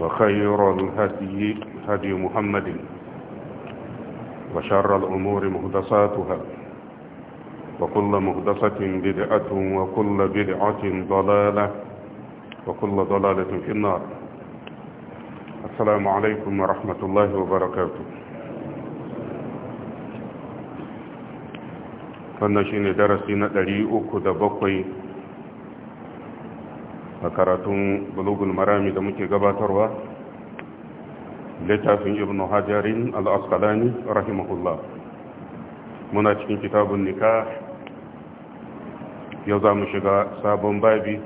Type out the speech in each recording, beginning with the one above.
وخير الهدي هدي محمد وشر الأمور مهدساتها وكل مهدسة بدعة وكل بدعة ضلالة وكل ضلالة في النار السلام عليكم ورحمة الله وبركاته فنشين درسنا دريء كدبقي a karatun bulugul marami da muke gabatarwa littafin ibn hajarin al'askalani rahimahullah muna cikin kitabun nika yau za mu shiga sabon babi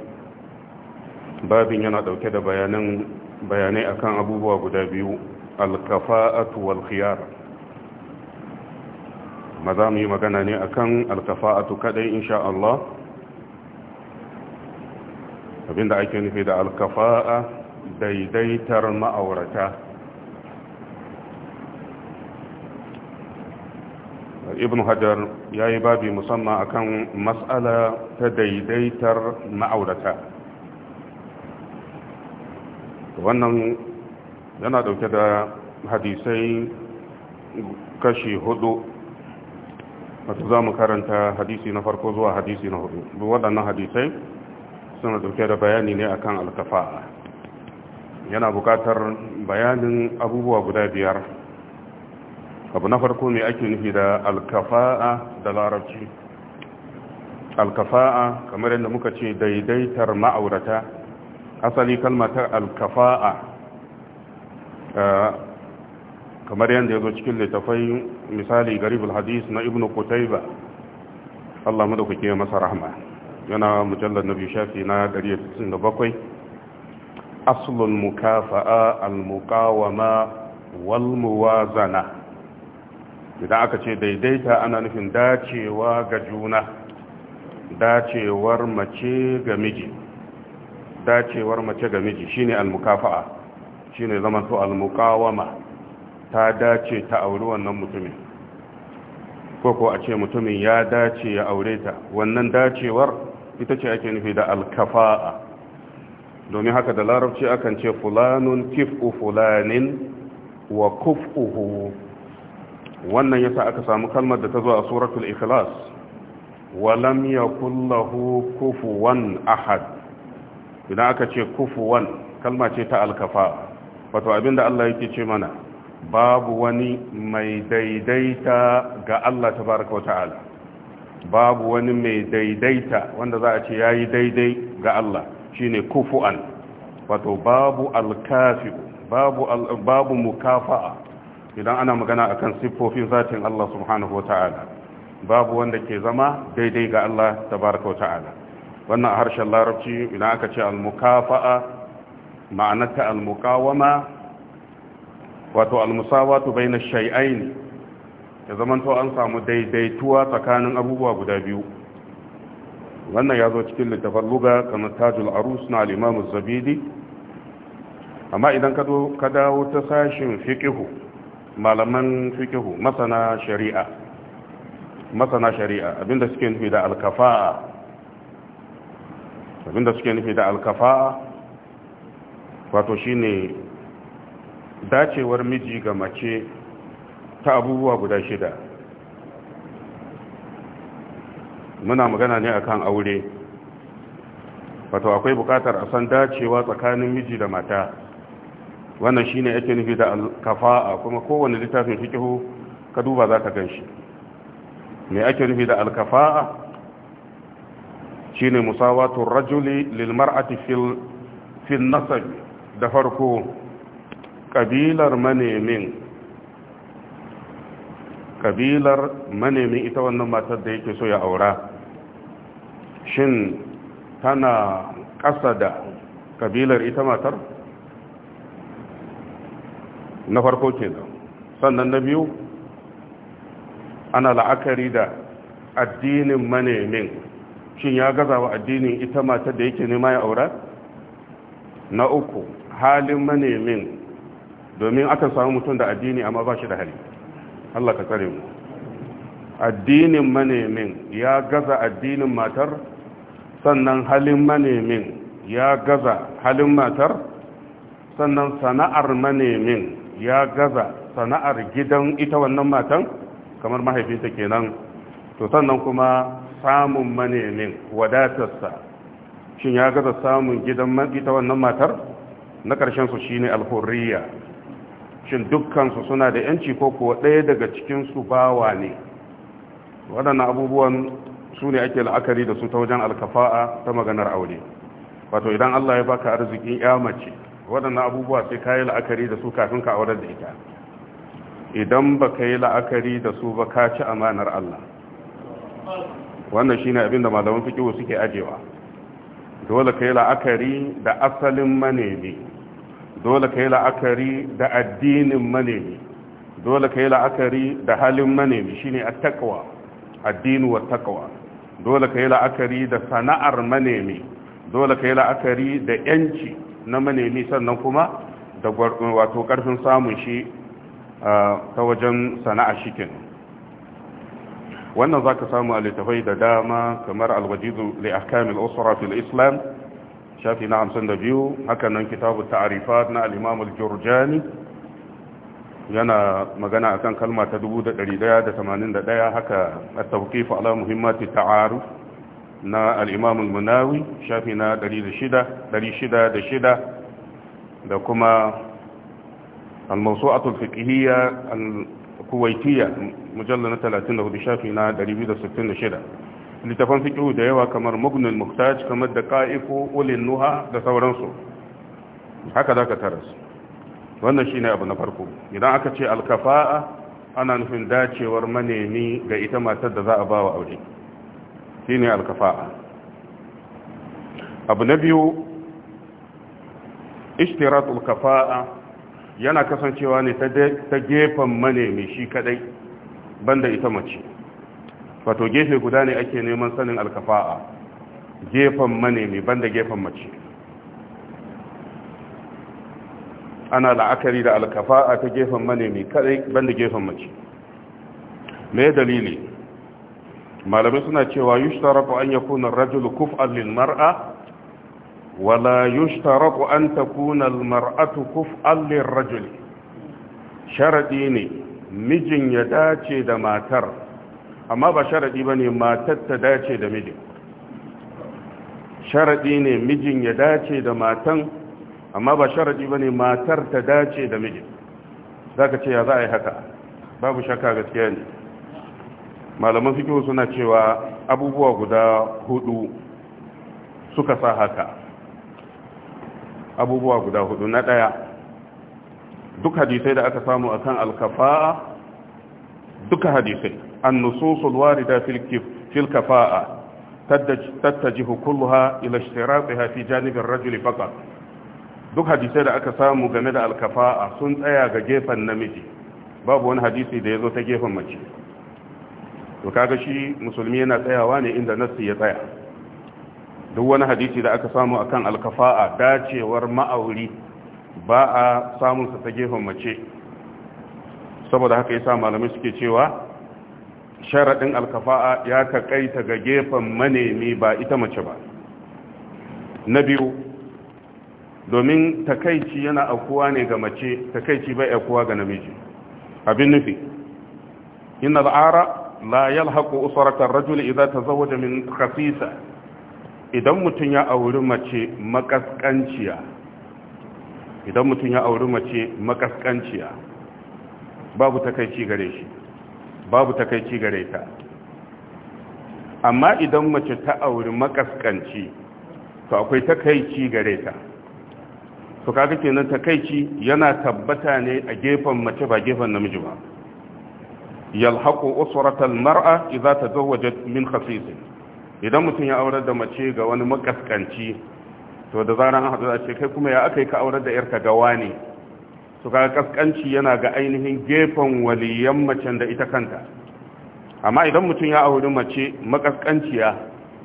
babin yana dauke da bayanai akan abubuwa guda biyu alkafa'atu wal khiyar ma za mu yi magana ne akan alkafa'atu kadai insha Allah abinda ake nufi da alkafa'a daidaitar ma'aurata ibn hajar ya yi babi musamman akan matsala ta daidaitar ma'aurata wannan yana dauke da hadisai kashi hudu wata za mu karanta hadisi na farko zuwa hadisi na hudu waɗannan hadisai suna dauke da bayani ne akan alkafa'a yana bukatar bayanin abubuwa guda biyar abu na farko mai ake nufi da alkafa'a da larabci alkafa'a kamar yadda muka ce daidaitar ma'aurata asali kalmata alkafa'a eh, kamar yadda ya zo cikin littafai misali garibul hadis na ibn kutaiba Allah madaukake masa rahma yana mujallar na biyu shafi na 197 asulun mukafa'a al-muqawama wal muwazana idan aka ce daidaita ana nufin dacewa ga juna dacewar mace ga miji dacewar mace ga miji shine al-mukafa'a shine zaman to al ta dace ta auri wannan mutumin ko ko a ce mutumin ya dace ya aure ta wannan dacewar ita ce ake nufi da alkafa'a domin haka da larabci akan ce fulanun kif'u fulanin wa kuf'uhu wannan yasa aka samu kalmar da ta zo a suratul ikhlas walam yakul lahu kufuwan ahad idan aka ce kufuwan kalma ce ta alkafa'a wato abinda Allah yake ce mana babu wani mai daidaita ga Allah tabaraka wa ta'ala babu wani mai daidaita wanda za a ce ya yi daidai ga Allah shi ne kufu'an wato babu alkafi babu mukafa'a idan ana magana akan siffofin zatin Allah subhanahu wa ta'ala babu wanda ke zama daidai ga Allah tabaraka wa ta'ala wannan a harshen larabci idan aka ce almukafa'a ma'anarta almukawama wato almusawatu bayna shay'ain ya zamanto an samu daidaituwa tsakanin abubuwa guda biyu wannan ya zo cikin littafin luga kamar tajul arus na alimamu zabidi amma idan ka dawo ta sashin fiƙihu malaman fiƙihu masana shari'a masana shari'a abinda suke nufi da alkafa'a abinda suke nufi da alkafa'a wato shine dacewar miji ga mace ta abubuwa guda shida muna magana ne akan aure wato akwai bukatar a san dacewa tsakanin miji da mata wannan shine yake nufi da alkafa'a kuma kowane littafin fikihu ka duba za ka gan shi mai ake nufi da alkafa'a shine musawatun rajuli lilmar'ati fil nasab da farko kabilar manemin kabilar manemin ita wannan matar da yake so ya aura shin tana ƙasa da kabilar ita matar na farko kenan sannan na biyu ana la'akari da addinin manemin shin ya gaza wa addinin ita matar da yake nema ya aura na uku halin manemin domin aka samu mutum da addini amma ba shi da hali Allah ka tsare mu addinin manemin ya gaza addinin matar sannan halin manemin ya gaza halin matar sannan sana'ar manemin ya gaza sana'ar gidan ita wannan matan kamar mahaifinta kenan to sannan kuma samun manemin wadatarsa shin ya gaza samun gidan ita wannan matar na ƙarshen su shine alhurriya shin dukkansu suna da yanci ko kuwa ɗaya daga cikinsu bawa ne waɗannan abubuwan su ne ake la'akari da su ta wajen alkafa'a ta maganar aure wato idan allah ya baka arzikin ya mace waɗannan abubuwa sai ka yi la'akari da su kafin ka aurar da ita idan ba ka yi la'akari da su ba ka ci amanar allah wannan shine abin da malaman fikihu suke ajewa dole ka yi la'akari da asalin manemi dole ka yi la'akari da addinin manemi dole ka yi la'akari da halin manemi shine a takawa, addinu wa takawa. dole ka yi la'akari da sana'ar manemi dole ka yi la'akari da yanci na manemi sannan kuma da wato karfin samun shi ta wajen sana'a shikin wannan zaka samu a littafai da dama kamar alwajizu wajidu li ahkam al-usra fil islam shafi na hamsin da hakanan kitabu ta'arifat na al'imamul jurjani yana magana kan kalma ta dubu da da da tamanin ɗaya haka a taukifu ala muhimmati ta'aru na al'imamul munawi shafi na shida da kuma al-mawsu'atul fiqhiyya al-kuwaitiyya mujallal na 34 shafi na shida. littafan fiqh da yawa kamar mughnul muhtaj kamar da qa'ifu ulil nuha da sauransu haka ka taras wannan shine abu na farko idan aka ce alkafa'a ana nufin dacewar manemi ga ita matar da za a ba wa aure shine alkafa'a abu na biyu ishtiratul kafa'a yana kasancewa ne ta gefen manemi shi kadai banda ita mace wato gefe guda ne ake neman sanin alkafa'a gefen manemi banda gefen mace ana la'akari da alkafa'a ta gefen manemi kadai banda gefen mace me dalili malamai suna cewa yushtaratu an yakuna ar-rajulu kuf lil mar'a wala yushtaratu an ta al-mar'atu kuf lir-rajuli Sharaɗi ne mijin ya dace da matar amma ba sharaɗi ba ne matar ta dace da mijin sharaɗi ne mijin ya dace da matan amma ba sharaɗi ba ne matar ta dace da mijin za ka ce ya za a yi haka babu shakka gaskiya ne malaman fikiyo suna cewa abubuwa guda hudu suka sa haka abubuwa guda hudu na ɗaya duk hadisai da aka samu akan alkafa duka hadisai النصوص الواردة في في الكفاءة تتجه كلها إلى اشتراطها في جانب الرجل فقط duk hadisai da aka samu game da alkafa'a sun tsaya ga gefen namiji babu wani hadisi da ya zo ta gefen mace to kaga shi musulmi yana tsayawa ne inda nassi ya tsaya duk wani hadisi da aka samu akan alkafa'a dacewar ma'auri ba a samunsa ta gefen mace saboda haka yasa malamai suke cewa sharaɗin alkafa'a ya kaƙaita ga gefen manemi ba ita mace ba na biyu domin takaici yana akuwa ne ga mace takaici bai akuwa ga namiji abin nufi inna al'ara la yalhaqu usratar rajul idza tazawwaja min khasisa idan mutun ya auri mace makaskanciya idan mutun ya auri mace makaskanciya babu takaici gare shi babu takaici gare ta amma idan mace ta auri makaskanci to akwai takaici gare ta to kaga kenan takaici yana tabbata ne a gefen mace ba gefen namiji ba yalhaqu usratal mar'a idza tazawwajat min khasis idan mutum ya aurar da mace ga wani makaskanci to da zaran an hadu da ce kai kuma ya akai ka aurar da yarka ga wani su ga kaskanci yana ga ainihin gefen waliyan macen da ita kanta amma idan mutum ya auri mace makaskanciya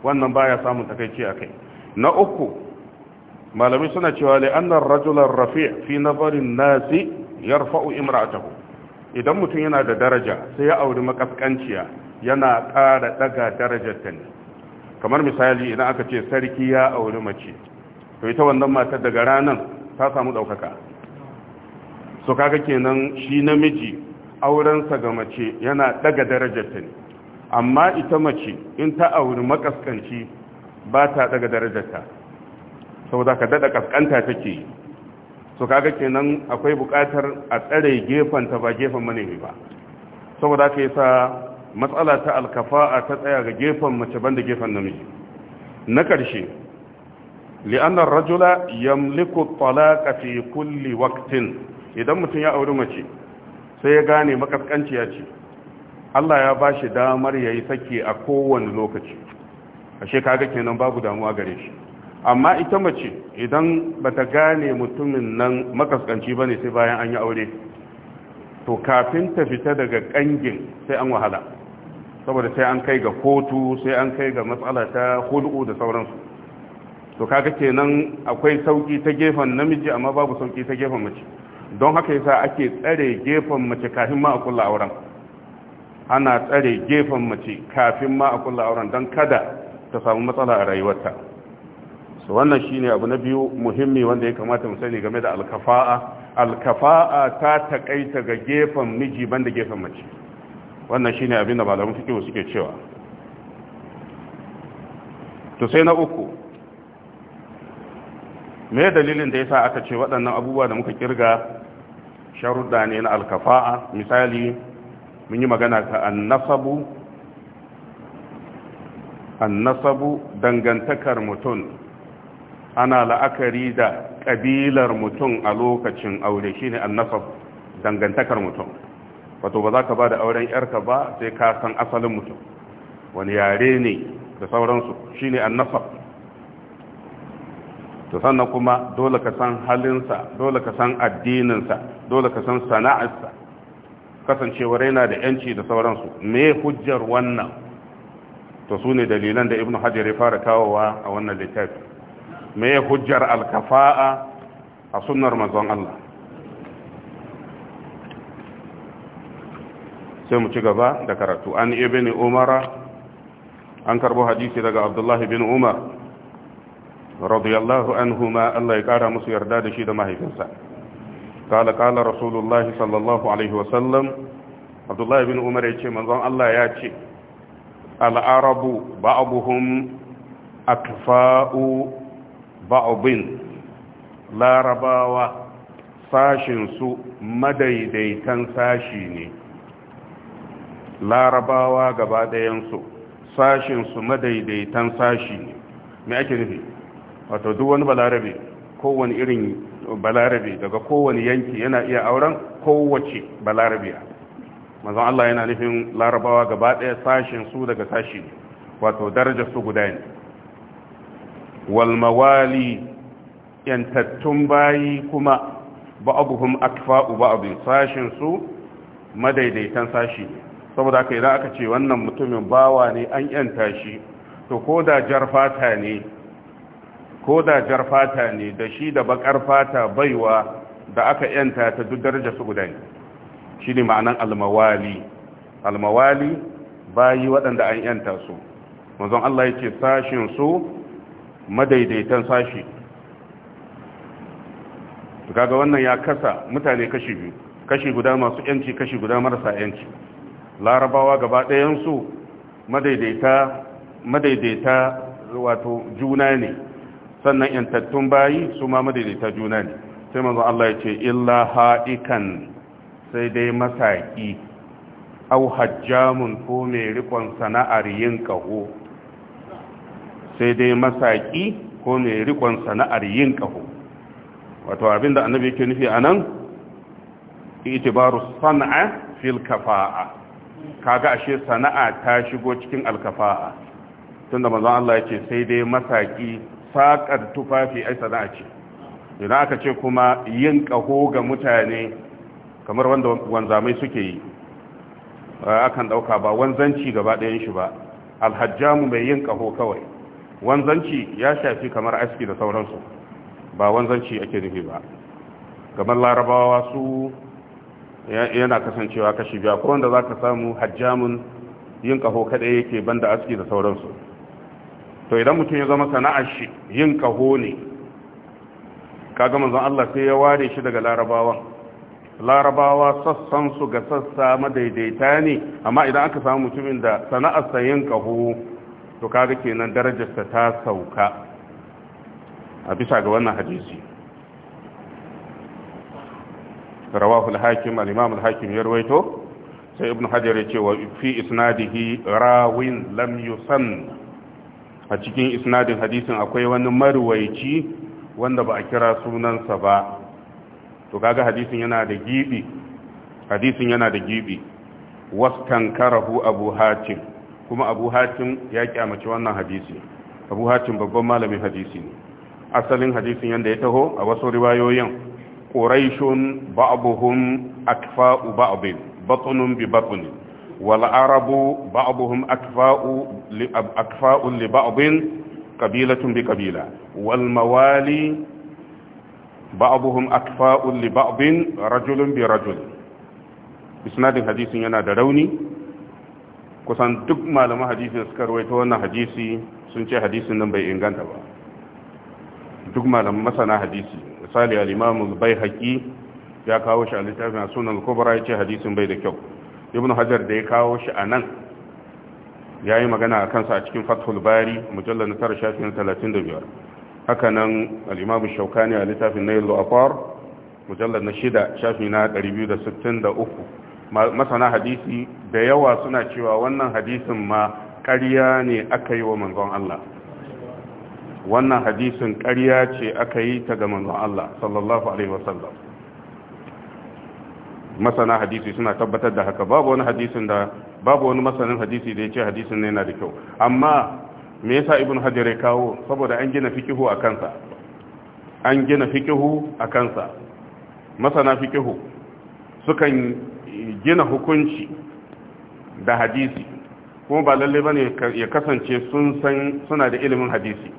wannan baya samun takaici a kai na uku malami suna cewa la'annar rajular rafi fi nazarin nasi rufa'u imratahu idan mutum yana da daraja sai ya auri makaskanciya yana ƙara daga darajar ta ne kamar misali idan aka ce sarki ya auri mace to ita wannan matar daga ranar ta samu ɗaukaka so kaga kenan shi namiji aurensa ga mace yana daga darajarta ne amma ita mace in ta auri makaskanci ba ta daga darajarta saboda ka dada kaskanta take yi so kaga kenan akwai buƙatar a tsare gefen ta ba gefen manemi ba saboda ka yasa matsala ta alkafa'a ta tsaya ga gefen mace banda gefen namiji na ƙarshe li'annar rajula yamliku talaka fi kulli waktin idan mutum ya auri mace sai ya gane makaskanciya ce Allah ya ba shi damar ya yi sake a kowane lokaci ashe kaga kenan babu damuwa gare shi amma ita mace idan bata gane mutumin nan makaskanci ba ne sai bayan an yi aure to kafin ta fita daga kangin sai an wahala saboda sai an kai ga kotu sai an kai ga matsala ta hulɗu da sauransu to kaga kenan akwai sauki ta gefen namiji amma babu sauki ta gefen mace don haka yasa ake tsare gefen mace kafin ma a kulla auren ana tsare gefen mace kafin ma a kulla auren don kada ta samu matsala a rayuwarta su wannan shine abu na biyu muhimmi wanda ya kamata mu sani game da alkafa'a alkafa'a ta takaita ga gefen miji banda gefen mace wannan shine abin da malamin fiqh suke cewa to sai na uku me dalilin da yasa aka ce waɗannan abubuwa da muka kirga sharuɗa ne na alkafa'a misali mun yi magana ta annasabu annasabu dangantakar mutum ana la'akari da ƙabilar mutum a lokacin aure shine annasab dangantakar mutum wato ba za ka ba da auren yarka ba sai ka san asalin mutum wani yare ne da sauransu shine annasab to sannan kuma dole ka san halinsa dole ka san addininsa dole ka san sana'arsa kasancewar yana da yanci da sauransu me hujjar wannan to su ne dalilan da ibn hajar ya fara kawowa a wannan littafi me hujjar alkafa'a a sunnar manzon Allah sai mu ci gaba da karatu an ibn umara an karbo hadisi daga abdullahi bin umar radiyallahu anhuma Allah ya kara musu yarda da shi da mahaifinsa kala kala rasulullah sallallahu alaihi sallam abdullahi bin umar ya ce manzon Allah ya ce al'arabu ba'abuhum atfa'u ba'abin larabawa sashinsu madaidaitan sashi ne larabawa gaba ɗayansu sashinsu madaidaitan sashi ne me ake nufi wato duk wani balarabe kowane irin balarabe daga kowane yanki yana iya auren kowace balarabiya mazan Allah yana nufin larabawa gaba ɗaya sashen su daga sashi wato daraja su guda ne Walmawali yantattun bayi kuma ba'abuhum akfa'u abin Sashen su madaidaitan sashi saboda haka idan aka ce wannan mutumin bawa ne an yanta shi to ko da jar ne ko da jar fata ne da shi da bakar fata baiwa da aka yanta ta duk daraja su guda ne shi ne ma'anan almawali almawali bayi waɗanda an yanta su manzon Allah ya ce sashin su madaidaitan sashi kaga wannan ya kasa mutane kashi biyu kashi guda masu yanci kashi guda marasa yanci larabawa gaba su madaidaita madaidaita wato juna ne sannan yantattun bayi su ma madaidaita juna ne sai manzo Allah ya ce illa ha'ikan sai dai masaki au hajjamun ko mai rikon sana'ar yin kaho sai dai masaki ko mai rikon sana'ar yin kaho wato abinda annabi yake nufi anan itibaru sana'a fil kafa'a kaga ashe sana'a ta shigo cikin alkafa'a tunda manzon Allah yake sai dai masaki Faƙar tufafi ai sana'a ce idan aka ce kuma yin ƙaho ga mutane kamar wanda wanzamai suke yi akan ɗauka ba wanzanci gaba ɗayan shi ba alhajjamu mai yin ƙaho kawai wanzanci ya shafi kamar aski da sauransu ba wanzanci ake nufi ba kamar larabawa su yana kasancewa kashi biya ko wanda za ka samu hajjamun yin ƙaho kaɗai yake banda aski da sauransu to idan mutum ya zama sana'ar shi yin kaho ne kaga manzon Allah sai ya ware shi daga Larabawa. larabawa sassan su ga sassa madaidaita ne amma idan aka samu mutumin da sana'ar sa yin kaho to kaga kenan darajarsa ta sauka a bisa ga wannan hadisi rawahu al-hakim al-imam al-hakim ya rawaito sai ibnu hajar ya ce wa fi isnadihi rawin lam yusanna a cikin isnadin hadisin akwai wani marwaici wanda ba a kira sunansa ba to kaga hadisin yana da gibi hadisin yana da gibi waskankarahu abu hatim kuma abu hatim ya kyamaci wannan hadisi abu hatim babban malamin hadisi ne asalin hadisin yanda ya taho a wasu riwayoyin quraishun ba'dhum akfa'u ba'd batnun bi batnin wal arabu ba'dhum akfa'u li akfa'u li ba'dhin qabilatun bi qabila wal mawali ba'dhum akfa'u li ba'dhin rajulun bi rajul isnadin hadisin yana da rauni kusan duk malaman hadisin suka ta wannan hadisi sun ce hadisin nan bai inganta ba duk malaman masana hadisi misali al-imam al ya kawo shi a littafin sunan kobara kubra ya ce hadisin bai da kyau ibn hajar da ya kawo shi a nan ya yi magana a kansa a cikin fathul bari mujallar na tara shafin 35 haka nan al'imamu shaukani a littafin na yallo akwar mujallar na shida shafi na 263 masana hadisi da yawa suna cewa wannan hadisin ma ƙarya ne aka yi wa manzon Allah wannan hadisin ƙarya ce aka yi ta ga manzon Allah sallallahu alaihi wasallam masana hadisi suna tabbatar da haka babu wani hadisin da babu wani masanin hadisi da ya ce hadisin ne yana da kyau amma me yasa ibn hajar ya kawo saboda an gina fikihu a kansa an gina fikihu a kansa masana fikihu sukan gina hukunci da hadisi kuma ba lalle bane ya kasance sun san suna da ilimin hadisi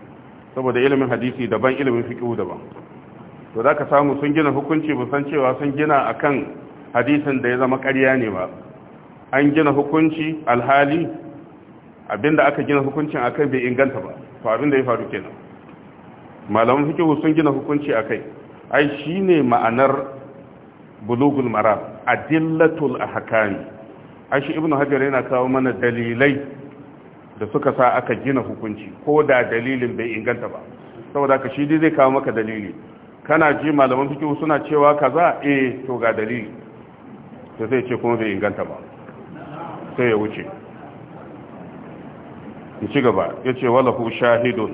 saboda ilimin hadisi daban ilimin fikihu daban to zaka samu sun gina hukunci musan cewa sun gina akan hadisin da ya zama ƙarya ne ba an gina hukunci alhali abinda aka gina hukuncin akai bai inganta ba to abinda ya faru kenan malaman fikihu sun gina hukunci akai ai shine ma'anar bulugul maram adillatul ahkami ai shi ibnu hajar yana kawo mana dalilai da suka sa aka gina hukunci ko da dalilin bai inganta ba saboda ka shi zai kawo maka dalili kana ji malaman fikihu suna cewa kaza eh to ga dalili to sai ce kuma bai inganta ba sai ya wuce ya ci gaba ya ce walahu shahidun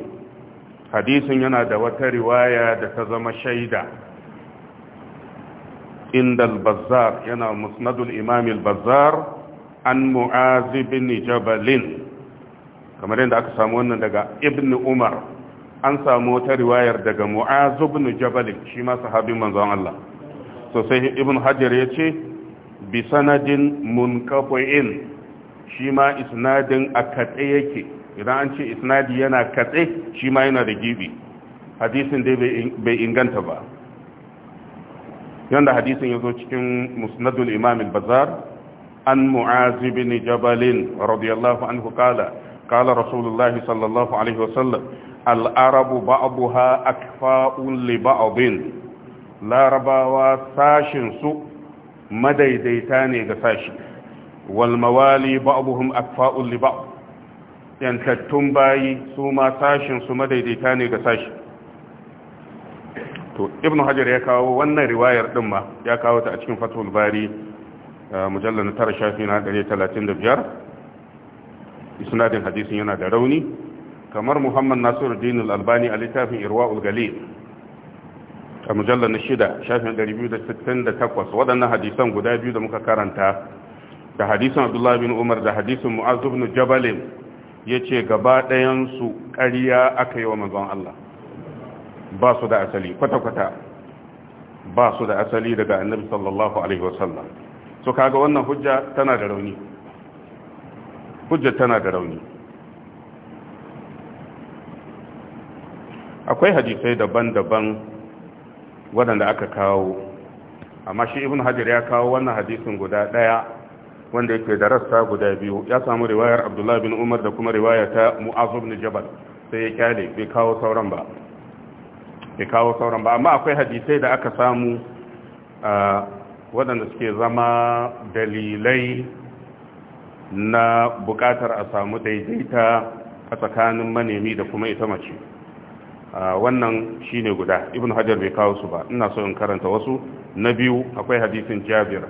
hadisin yana da wata riwaya da ta zama shaida inda al yana musnadul imam al an mu'azibin jabalin kamar yadda aka samu wannan daga ibn umar an samu wata riwayar daga mu'azibin jabalin shi ma sahabin manzon Allah Sosai ibn hajar ya ce bisanadin sanadin munqafi'in shi ma isnadin a katse yake idan an ce isnadi yana katse shi ma yana da gibi hadisin dai bai inganta ba yanda hadisin ya zo cikin musnadul imamin bazar an mu'azibi ni jabalin radiyallahu anhu qala kala rasulullah sallallahu alaihi wasallam al'arabu arabu akfa'un li ba'din larabawa sashin su madaidaita ne ga sashi wal mawali akfa'ul li ba'd bayi su ma sashin su madaidaita ne ga sashi to ibnu hajar ya kawo wannan riwayar din ma ya kawo ta a cikin fathul bari mujallal na tara shafi na 135 isnadin hadisin yana da rauni kamar muhammad nasiruddin al-albani a littafin irwaul galil a mujallar na shida shafin 268 waɗannan hadisan guda biyu da muka karanta da hadisan abdullahi bin umar da hadisan mu'azu bin jabalin ya ce gaba ɗayansu ƙarya aka yi wa manzon Allah ba su da asali kwata-kwata ba su da asali daga annabi sallallahu alaihi wasallam so kaga wannan hujja tana da rauni hujja tana da rauni akwai hadisai daban-daban waɗanda aka kawo amma shi ibn hajar ya kawo wannan hadisin guda ɗaya wanda yake da rassa guda biyu ya samu riwayar abdullahi bin umar da kuma riwaya ta mu'azub ni jabal sai ya kyale bai kawo sauran ba bai amma akwai hadisai da aka samu waɗanda suke zama dalilai na buƙatar a samu daidaita a tsakanin manemi da kuma ita mace wannan shine guda ibn hajar bai kawo su ba ina so in karanta wasu na biyu akwai hadisin jabir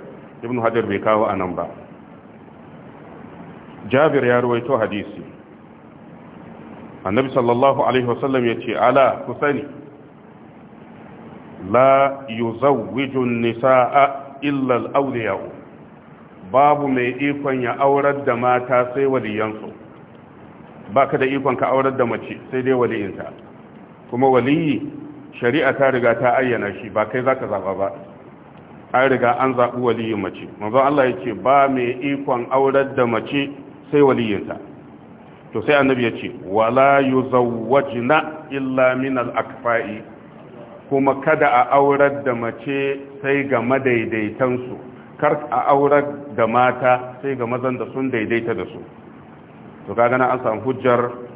ibn hajar bai kawo a nan ba jabir ya ruwaito hadisi annabi sallallahu alaihi wasallam ya ce ala ku sani la yuzawwiju nisaa illa al-awliya babu mai ikon ya aurar da mata sai waliyansu Ba ka da ikon ka aurar da mace sai dai waliyinta kuma waliyi shari'a ta riga ta ayyana shi ba kai zaka zaba ba an riga an zaɓi waliyin mace manzo Allah ya ce ba mai ikon aurar da mace sai waliyinta to sai annabi ya ce wala yuzawwajna illa min al-akfa'i kuma kada a aurar da mace sai ga madaidaitansu kar a aurar da mata sai ga mazan da sun daidaita da su to kaga na an samu hujjar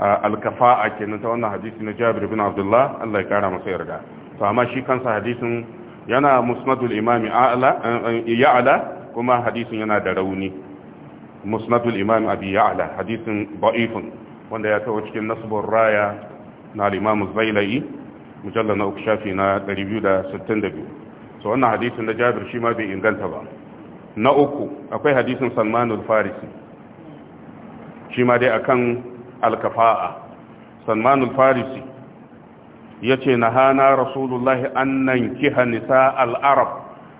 alkafa'a kenan ta wannan hadisi na Jabir bin Abdullah Allah ya kara masa yarda to amma shi kansa hadisin yana musnadul imam a'la eh, eh, ya'la kuma hadisin yana da rauni musnadul imam abi ya'la hadisin da'ifun wanda ya tawo cikin nasbur raya na al-imam zailai mujalla na uku shafi na 262 so wannan hadisin na Jabir shi ma bai inganta ba na uku akwai hadisin Salman al-Farisi shi ma dai akan alkafa'a salmanul farisi ya ce na hana rasulullahi annan kiha nisa al'arab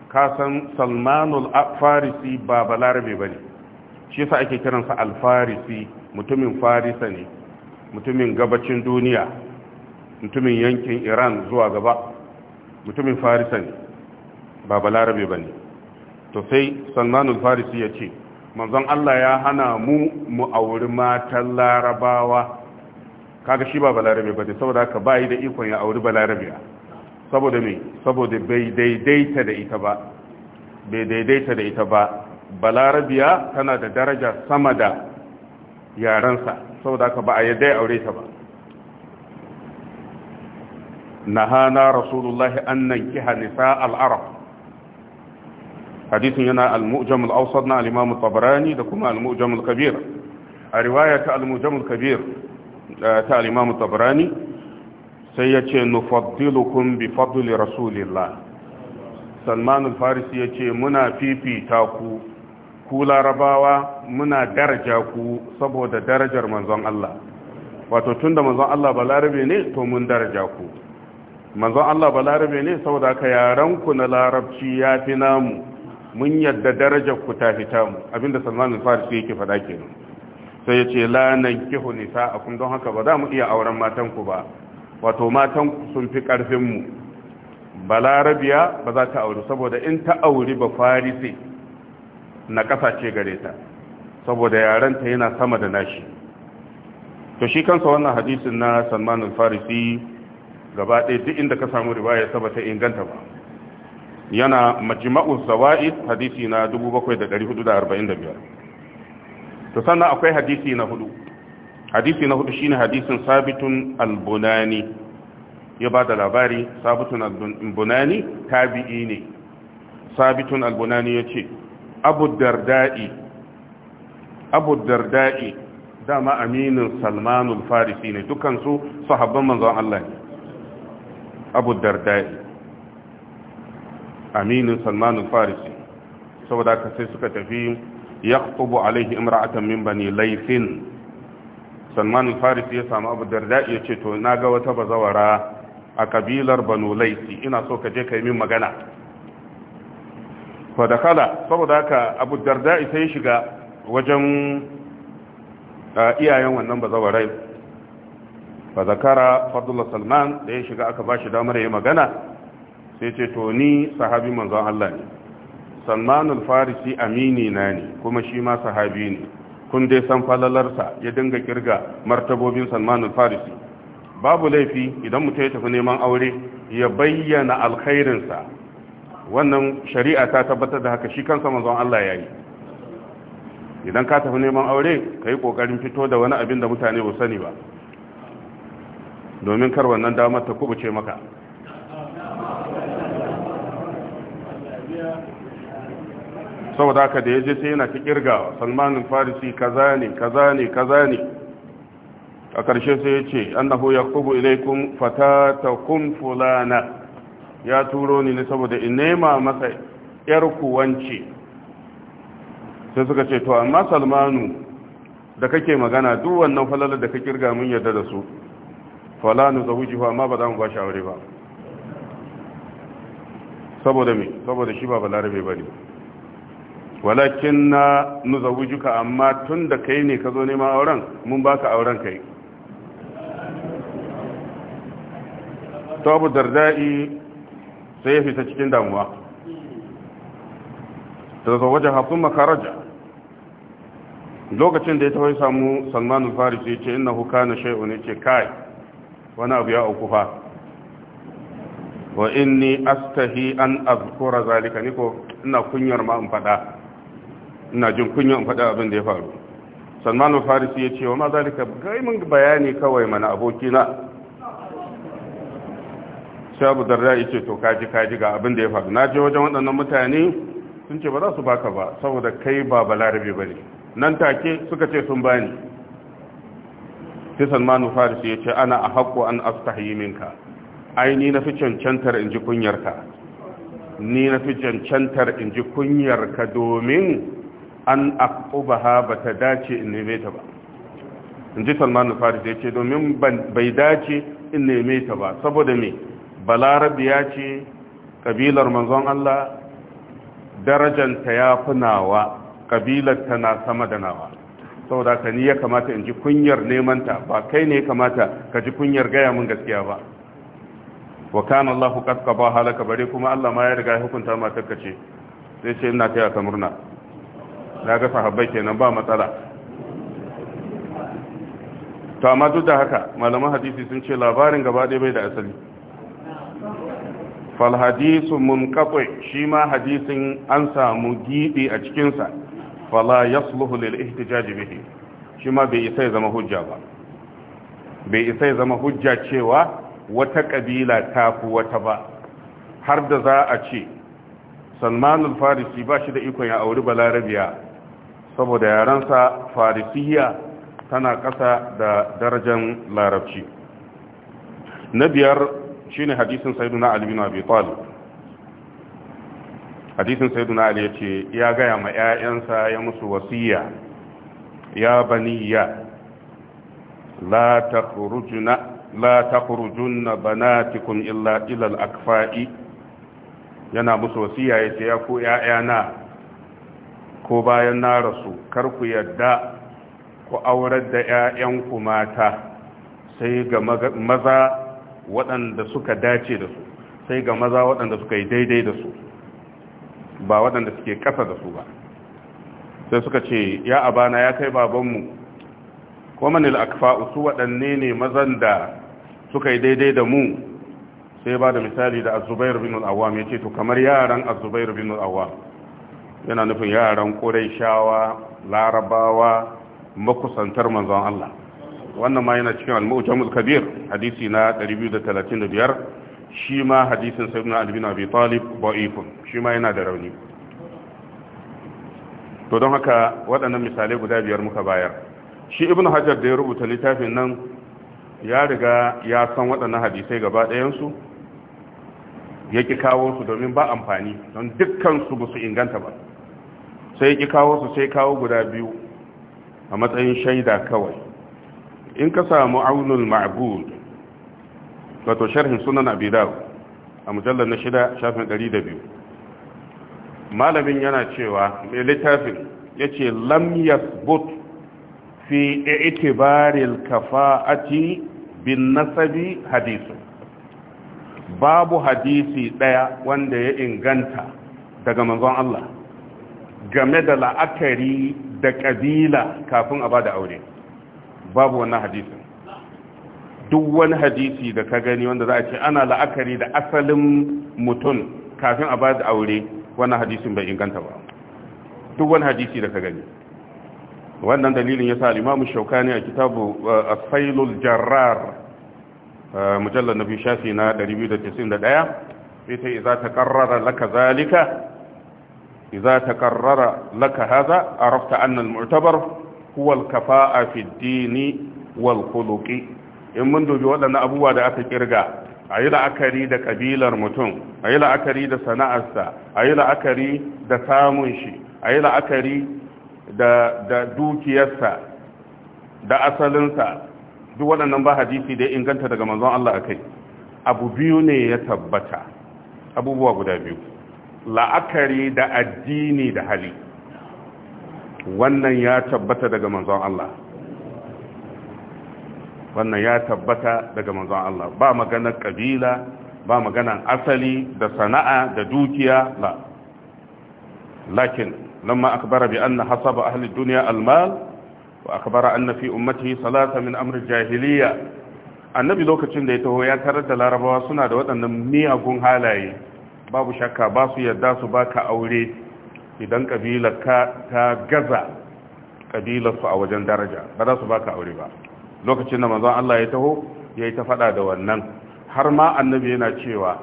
kasan salmanul farisi ba balarabe ba ne shi yasa ake kiransa alfarisi mutumin farisa ne mutumin gabacin duniya mutumin yankin iran zuwa gaba mutumin farisa ne ba balarabe ba ne to sai SalmanulFarisi farisi ya ce manzon Allah ya hana mu mu auri matan larabawa kaga shi ba balarabe ba saboda haka ba yi da ikon ya auri balarabe saboda me saboda bai daidaita da ita ba bai daidaita da ita ba balarabiya tana da daraja sama da yarensa saboda haka ba a yadda ya aure ta ba nahana rasulullahi annan kiha nisa al-arab hadisin yana al-mu'jam al-awsat na al-imam da kuma al kabir a riwaya ta al-mu'jam al-kabir eh, ta al-imam tabarani sai yace nufaddilukum bi fadli rasulillah salman al-farisi yace muna fifita ku ku larabawa muna daraja ku saboda darajar manzon Allah wato tunda manzon Allah balarabe ne to mun daraja ku manzon Allah balarabe ne saboda ka yaran ku na larabci ya fi namu mun yadda darajar ku ta fita mu abinda salmanin farisi yake faɗa kenan sai ya yace la a kun don haka ba za mu iya auren matan ku ba wato matan ku sun fi karfin mu balarabiya ba za ta auri, saboda in ta auri ba farisi na kasace gare ta saboda yaranta yana sama da nashi to shi kansa wannan hadisin na salmanin farisi gaba ɗaya duk inda ka samu riwaya ta ba ta inganta ba yana majma'u zawaid hadisi na 7445 to sannan akwai hadisi na hudu hadisi na hudu shine hadisin sabitun al-bunani ya bada labari sabitun al-bunani tabi'i ne sabitun al-bunani yace abu darda'i abu darda'i dama aminin salmanul farisi ne dukansu sahabban manzon Allah ne abu darda'i aminin salmanin farisi saboda haka sai suka tafi ya kubu alaihi imra'atan min bani laifin salmanin farisi ya samu abu darda ya ce to na ga wata bazawara a kabilar banu laifi ina so ka je ka yi min magana fadakala saboda haka abu darda ita ya shiga wajen iyayen wannan bazawarai fadakara fadula salman da ya shiga aka ba shi damar yi magana sai ce to ni sahabi manzon Allah ne sannan al-Farisi amini na ne kuma shi ma sahabi ne kun dai san falalarsa ya dinga kirga martabobin sannan al-Farisi babu laifi idan mutum ya tafi neman aure ya bayyana alkhairinsa wannan shari'a ta tabbatar da haka shi kansa manzon Allah ya yi idan ka tafi neman aure ka yi ƙoƙarin fito da wani abin da mutane ba sani ba domin kar wannan damar ta kubuce maka saboda haka da ya je sai yana ta kirga, salmanin farisi kaza ne kaza ne kaza ne a ƙarshe sai ya ce annahu ya kubu ta kun fulana ya turo ni ne saboda in nema masa yar kuwanci sai suka ce to amma salmanu da kake magana duk wannan falalar da ka kirga mun yarda da su falanu zawujihu amma ba za mu ba shi aure ba saboda me saboda shi ba balarabe bane walakin na nuzawujuka amma tun da kai ne ka zo neman auren mun ba ka auren kai to abu dardai sai ya fita cikin damuwa ta zo wajen hafin makaraja lokacin da ya tawai samu salmanul faris ya ce ina huka na shai'u ne ce kai wani abu ya auku fa wa inni astahi an azkura zalika ni ko ina kunyar ma ina jin kunya in faɗa abin da ya faru salman farisi ya ce wa ma zalika gai mun bayani kawai mana abokina sai abu darda ya ce to kaji kaji ga abin da ya faru na je wajen waɗannan mutane sun ce ba za su baka ba saboda kai ba balarabe ba ne nan take suka ce sun bani sai salman farisi ya ce ana a haƙo an astahi minka ai ni na fi cancantar in ji kunyarka ni na fi cancantar in ji kunyarka domin an aqubaha ta dace in neme ta ba in ji salman faris ya ce domin bai dace in neme ta ba saboda me ya ce kabilar manzon Allah darajanta ya fi nawa kabilar na sama da nawa saboda ka ni ya kamata in ji kunyar nemanta ba kai ne ya kamata ka ji kunyar gaya min gaskiya ba wa kana Allahu qad halaka bare kuma Allah ma ya riga ya hukunta matarka ce sai ina taya ka murna ga sahabbai kenan ba matsala to amma duk da haka malaman hadisi sun ce labarin gaba ɗaya bai da asali fal hadisu munqati shi ma hadisin an samu gibi a cikin sa fala yasluhu lil ihtijaj bihi shi ma bai isa zama hujja ba bai isa zama hujja cewa wata kabila tafi wata ba har da za a ce sanmanul farisi ba shi da ikon ya auri Balarabiya saboda yarensa farisiyya tana ƙasa da darajar larabci na biyar shine hadisin sayyiduna ali bin abi talib hadisin sayyiduna ali yace ya gaya ma 'ya'yansa ya musu wasiya ya baniya la takhrujuna la takhrujunna illa ila al-akfa'i yana musu wasiya yace ya ku 'ya'yana ko bayan na rasu kar ku yadda ku aurar da 'ya'yanku mata sai ga maza waɗanda suka dace da su sai ga maza waɗanda suka yi daidai da su ba waɗanda suke ƙasa da su ba sai suka ce ya abana ya kai babanmu kuma akfa'u su waɗanne ne mazan da suka yi daidai da mu sai ba da misali da azubairu bin al'awam ya ce to kamar yaran azubairu bin al'awam yana nufin yaran shawa larabawa makusantar manzon Allah wannan ma yana cikin al-mu'jamul kabir hadisi na 235 shi ma hadisin sayyidina Ali bin Abi Talib da'ifun shi ma yana da rauni to don haka waɗannan misalai guda biyar muka bayar shi ibnu hajar da ya rubuta littafin nan ya riga ya san waɗannan hadisai gaba ɗayansu ya ƙi kawo su domin ba amfani don dukkan su ba su inganta ba sai ki kawo su sai kawo guda biyu a matsayin shaida kawai in ka samu aunul ma'bud wato sharhin sunan abi a mujallar na shida shafin 102 malamin yana cewa mai littafin ya ce lam yasbut fi i'tibaril kafa'ati bin nasabi hadisu babu hadisi daya wanda ya inganta daga manzon Allah game da la'akari da ƙabila kafin a ba da aure babu wannan hadisin duk wani hadisi da ka gani wanda za a ce ana la'akari da asalin mutum kafin a ba da aure wannan hadisin bai inganta ba duk wani hadisi da ka gani wannan dalilin ya sa limamu ne a kitabu eh, a failul jarrar eh, mujallar na biyu shafi na 291 ita za ta karrara laka zalika idza ƙarrara laka hadha arafta anna al-mu'tabar huwa al-kafa'a fi ad-din wal in mun dubi waɗannan abubuwa da aka kirga a yi la'akari da kabilar mutum a yi la'akari da sana'arsa a yi la'akari da samun shi a yi la'akari da dukiyarsa da asalinsa duk waɗannan ba hadisi da inganta daga manzon Allah a kai abu biyu ne ya tabbata abubuwa guda biyu la'akari da addini da hali wannan ya tabbata daga manzon Allah wannan ya tabbata daga manzon Allah ba maganar kabila ba maganar asali da sana'a da dukiya la lakin lamma akbara bi anna hasaba ahli dunya almal wa akbara anna fi ummatihi salata min amr jahiliya annabi lokacin da ya taho ya tarar da larabawa suna da waɗannan miyagun halaye babu shakka ba su yadda su baka aure idan kabilar ka ta gaza kabilar su a wajen daraja ba za su baka aure ba lokacin da manzon Allah ya taho yayi ta fada da wannan har ma annabi yana cewa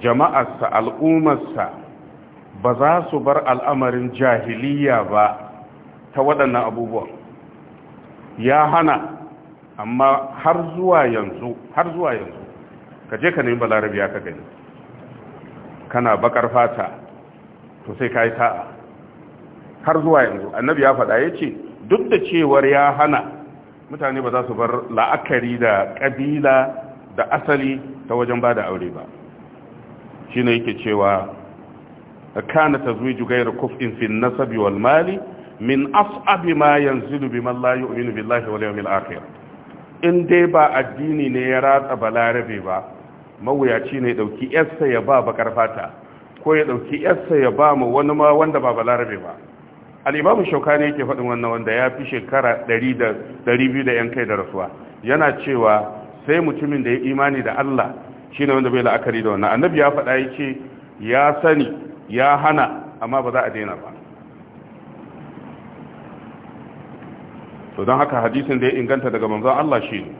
jama'ar sa al'ummar sa ba za su bar al'amarin jahiliya ba ta waɗannan abubuwa ya hana amma har zuwa yanzu har zuwa yanzu ka ka nemi balarabi ya ka gani kana bakar fata to sai ka yi ta'a. har zuwa yanzu annabi ya faɗa ya ce duk da cewar ya hana mutane ba za su bar la'akari da ƙabila da asali ta wajen ba da aure ba shi ne yake cewa kana ta kufin fin nasabi wal mali min as'abi ma yanzilu bi man la yu'minu billahi wal yawmil akhir in dai ba addini ne ya ratsa balarabe ba mawuyaci ne dauki yarsa ya ba bakar fata ko ya dauki yarsa ya ba mu wani ma wanda ba balarabe ba al-imamu shaukani yake faɗin wannan wanda ya fi shekara 200 da yan kai da rasuwa yana cewa sai mutumin da ya imani da Allah shine wanda bai la'akari da wannan annabi ya faɗa ce ya sani ya hana amma ba za a daina ba to don haka hadisin da ya inganta daga manzon Allah shi ne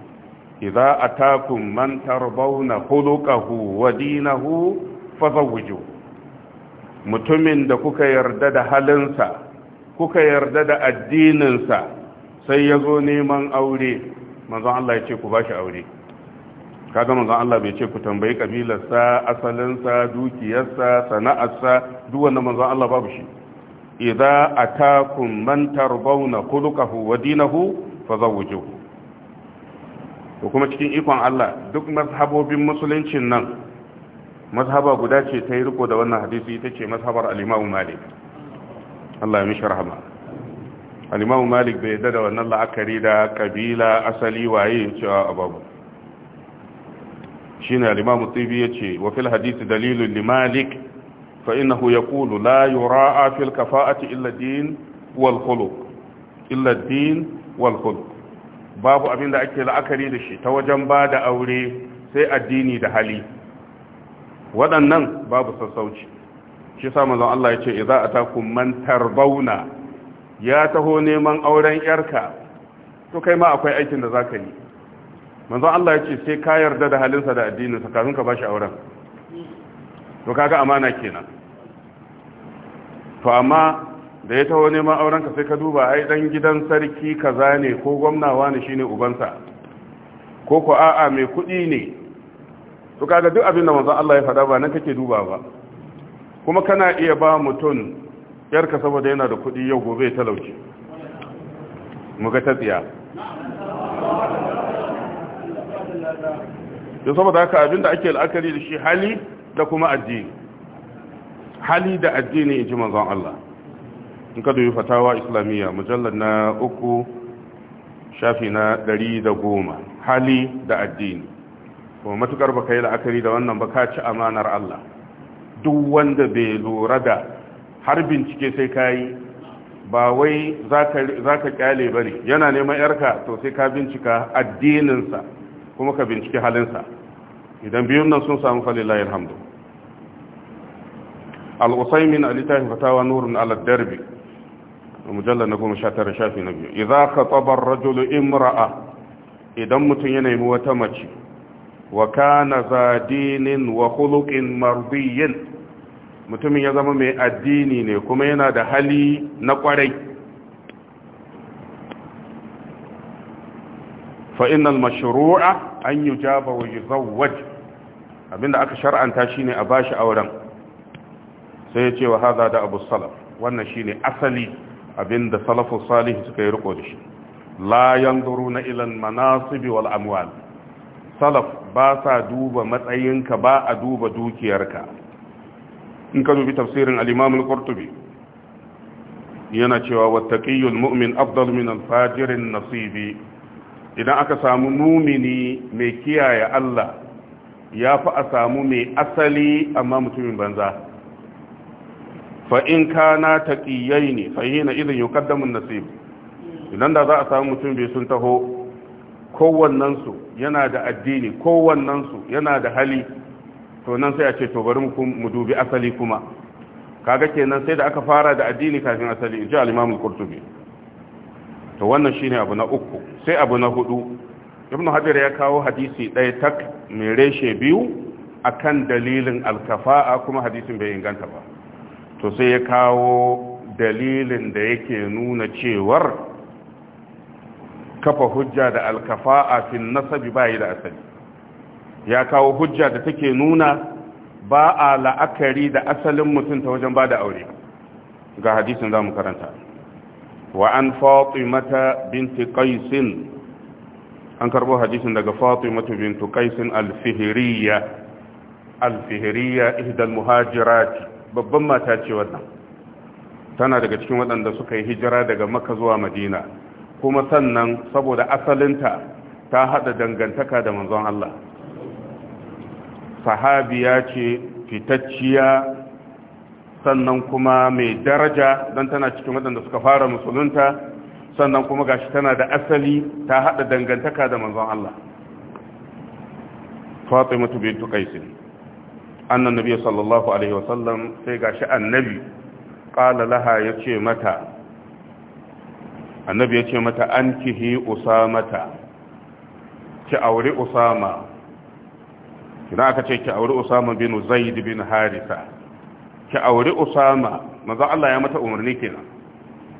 idza atakum man tarbawna khuluquhu wa dinahu fazawwiju mutumin da kuka yarda da halinsa kuka yarda da addininsa sai ya zo neman aure manzon Allah ya ce ku bashi aure kaga manzon Allah bai ce ku tambayi kabilarsa asalinsa dukiyarsa sana'arsa duk wannan manzon Allah babu shi idza atakum man tarbawna khuluquhu wa dinahu fazawwijuhu da kuma cikin ikon Allah duk mazhabobin musuluncin nan mazhaba guda ce ta yi riko da wannan hadisi ita ce mazhabar alimawu malik Allah ya mishi rahama alimawu malik bai yadda da wannan la'akari da kabila asali waye cewa ababu shi ne alimawu tsibi ya ce wa fil hadisi dalilun li malik fa ina hu ya kulu la yura'a fil kafa'ati illa din wal khuluq illa din wal babu abin da ake la'akari da shi ta wajen ba da aure sai addini da hali waɗannan babu sassauci shi sa zan Allah ya ce a taku mantar bauna ya taho neman auren yarka to kai ma akwai aikin da za ka yi manzan Allah ya ce sai ka yarda da halinsa da addininsa kafin ka ba shi auren to kaga amana kenan to amma da ya taho neman aurenka sai ka duba ai dan gidan sarki kaza ne ko gwamnawa ne shine ubansa ko ko a'a mai kuɗi ne to kaga duk abin da manzon Allah ya fada ba nan kake duba ba kuma kana iya ba mutum yarka saboda yana da kuɗi yau gobe ta talauci muga ta tsiya yau saboda haka abin da ake la'akari da shi hali da kuma addini hali da addini in ji manzon Allah in ka doyi fatawa islamiyya mujallar na uku shafi na ɗari da goma hali da addini kuma matukar baka yi la'akari da wannan ba ci amanar Allah duk wanda bai lura da har bincike sai ka yi ba wai za ka kyale ba ne yana neman yarka to sai ka bincika addininsa kuma ka binciki halinsa idan biyun nan sun samu falila alhamdu al-usaimin a littafin fatawa nurun ala darbi mujallar na goma sha tara shafi na biyu rajulu imra'a idan mutum ya nemi wata mace wa kana za wa khuluqin mardiyin mutumin ya zama mai addini ne kuma yana da hali na kwarai fa innal mashru'a an yujaba wa yuzawwaj abinda aka shar'anta shine a bashi auren sai ya ce wa hada da abu salaf wannan shine asali abinda salafus Salihu suka yi riko da shi Layan duru na al-manasib wal amwal salaf ba sa duba matsayinka ba a duba dukiyarka in ka dubi tafsirin al kurtubi yana cewa wattaqiyul mu'min afdal min al nasibi idan aka samu mumini mai kiyaye Allah ya fi a samu mai asali amma mutumin banza fa in kana taqiyai ne fa hina idan yuqaddamu nasib idan da za a samu mutum bai sun taho kowannen su yana da addini kowannen su yana da hali to nan sai a ce to bari mu dubi asali kuma kaga kenan sai da aka fara da addini kafin asali in ji al-Imam to wannan shine abu na uku sai abu na hudu Ibn Hajar ya kawo hadisi ɗaya tak mai reshe biyu akan dalilin alkafa'a kuma hadisin bai inganta ba to sai ya kawo dalilin da yake nuna cewar kafa hujja da alkafa'a fin nasabi bayi da asali ya kawo hujja da take nuna ba a la'akari da asalin mutum ta wajen bada aure ga hadisin za karanta wa an fatimata binti qaisin an karbo hadisin daga fatimata binti qaisin al-fihriya al-fihriya ihdal muhajirati babban mata ce wannan tana daga cikin waɗanda suka yi hijira daga maka zuwa madina kuma sannan saboda asalinta ta haɗa dangantaka da manzon Allah sahabiya ce fitacciya sannan kuma mai daraja don tana cikin waɗanda suka fara musulunta sannan kuma gashi tana da asali ta haɗa dangantaka da manzon Allah fatimatu bintu qais annan nabi sallallahu alaihi wasallam sai gashi annabi qala laha ce mata annabi ya ce mata an ankihi usamata ki aure usama kina aka ce ki aure usama bin zaid bin harisa ki aure usama maza Allah ya mata umarni kenan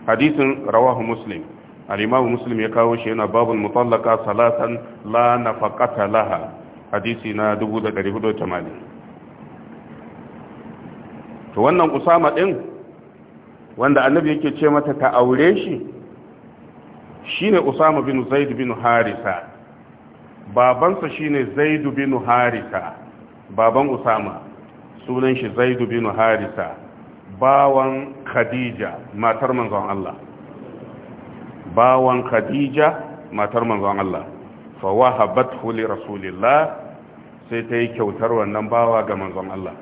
hadisin rawahu muslim al-imam muslim ya kawo shi yana babul mutallaqa salatan la nafaqata laha hadisi na 1480 to wannan usama din wanda annabi yake ce mata ta aure shi shine usama bin zaid bin harisa babansa shine zaid bin harisa baban usama sunan shi zaid bin harisa bawan khadija matar manzon Allah bawan khadija matar manzon Allah fa wahabathu li rasulillah sai ta yi kyautar wannan bawa ga manzon Allah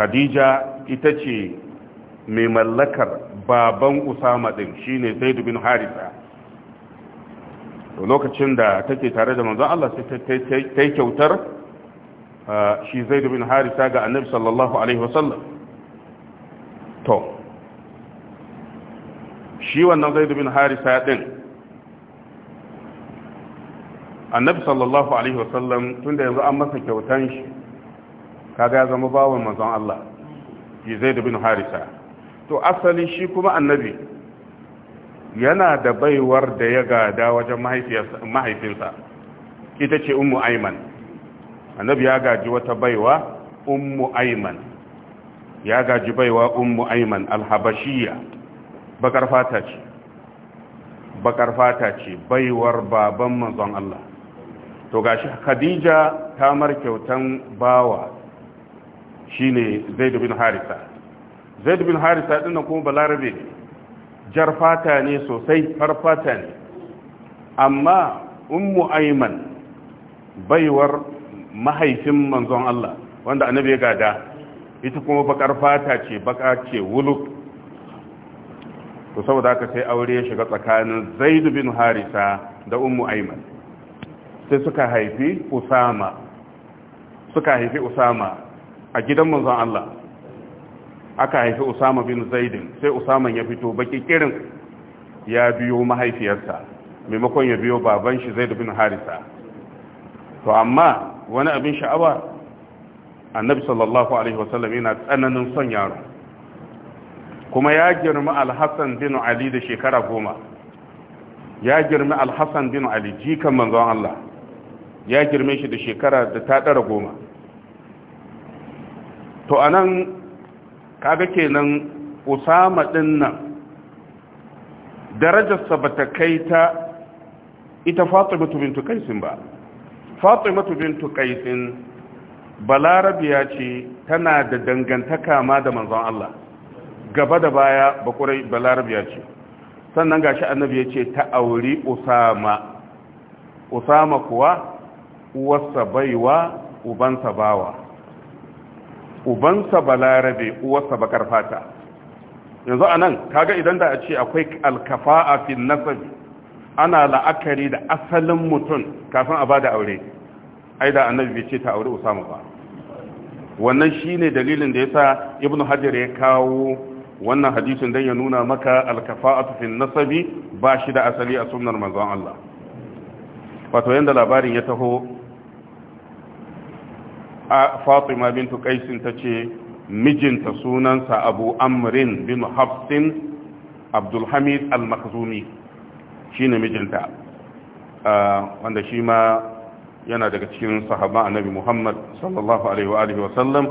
khadija ita ce mai mallakar baban usama din shine zaid bin harisa lokacin da take tare da manzon Allah sai ta yi kyautar shi zaid bin harisa ga annabi sallallahu alaihi wasallam to shi wannan zaid bin harisa din annabi sallallahu alaihi wasallam tunda yanzu an masa kyautan shi kaga ya zama bawan manzon Allah shi zai da bin harisa to asali shi kuma annabi yana da baiwar da ya gada wajen mahaifinsa ita ce ummu aiman annabi ya gaji wata baiwa ummu aiman ya gaji baiwa ummu aiman alhabashiya bakar fata ce bakar fata ce baiwar baban manzon Allah to gashi khadija ta mar kyautan bawa shine zaid bin harisa zaid bin harisa din nan kuma balarabe jar fata ne sosai farfata fata ne amma ummu ayman baiwar mahaifin manzon Allah wanda annabi ya gada ita kuma bakar fata ce baka ce wuluk to saboda haka sai aure ya shiga tsakanin zaid bin harisa da ummu ayman sai suka haifi usama suka haifi usama a gidan manzon Allah aka haifi Usama bin Zaidin sai Usama ya fito baki kirin ya biyo mahaifiyarsa maimakon ya biyo baban shi Zaid bin Harisa to amma wani abin sha'awa annabi sallallahu alaihi wasallam yana tsananin son yaro kuma ya girma al-Hassan bin Ali da shekara goma ya girma al-Hassan bin Ali jikan manzon Allah ya girme shi da shekara da ta ɗara goma to a nan, kaga kenan usama din nan darajarsa ba ta kai ta ita fatimatu bintu kaisin ba fatimatu bintu kaisin balarabiya ce tana da dangantaka ma da manzon Allah gaba da baya bakurai balarabiya ce sannan gashi annabi ya ce ta auri usama usama kuwa uwarsa baiwa ubansa bawa ubansa balarabe uwarsa bakar fata yanzu a nan kaga idan da a ce akwai alkafa'a fil nasabi ana la'akari da asalin mutum kafin a bada aure ai da annabi bai ce ta aure usama ba wannan shine dalilin da ya sa ibnu hajar ya kawo wannan hadisin don ya nuna maka alkafa'atu fil nasabi ba shi da asali a sunnar manzon Allah wato yanda labarin ya taho fatima bintu ta tace mijinta sunansa abu amrin bin hafsin abdulhamid al-makhzumi shine mijinta wanda shi ma yana daga cikin sahaba annabi muhammad sallallahu alaihi wa wa sallam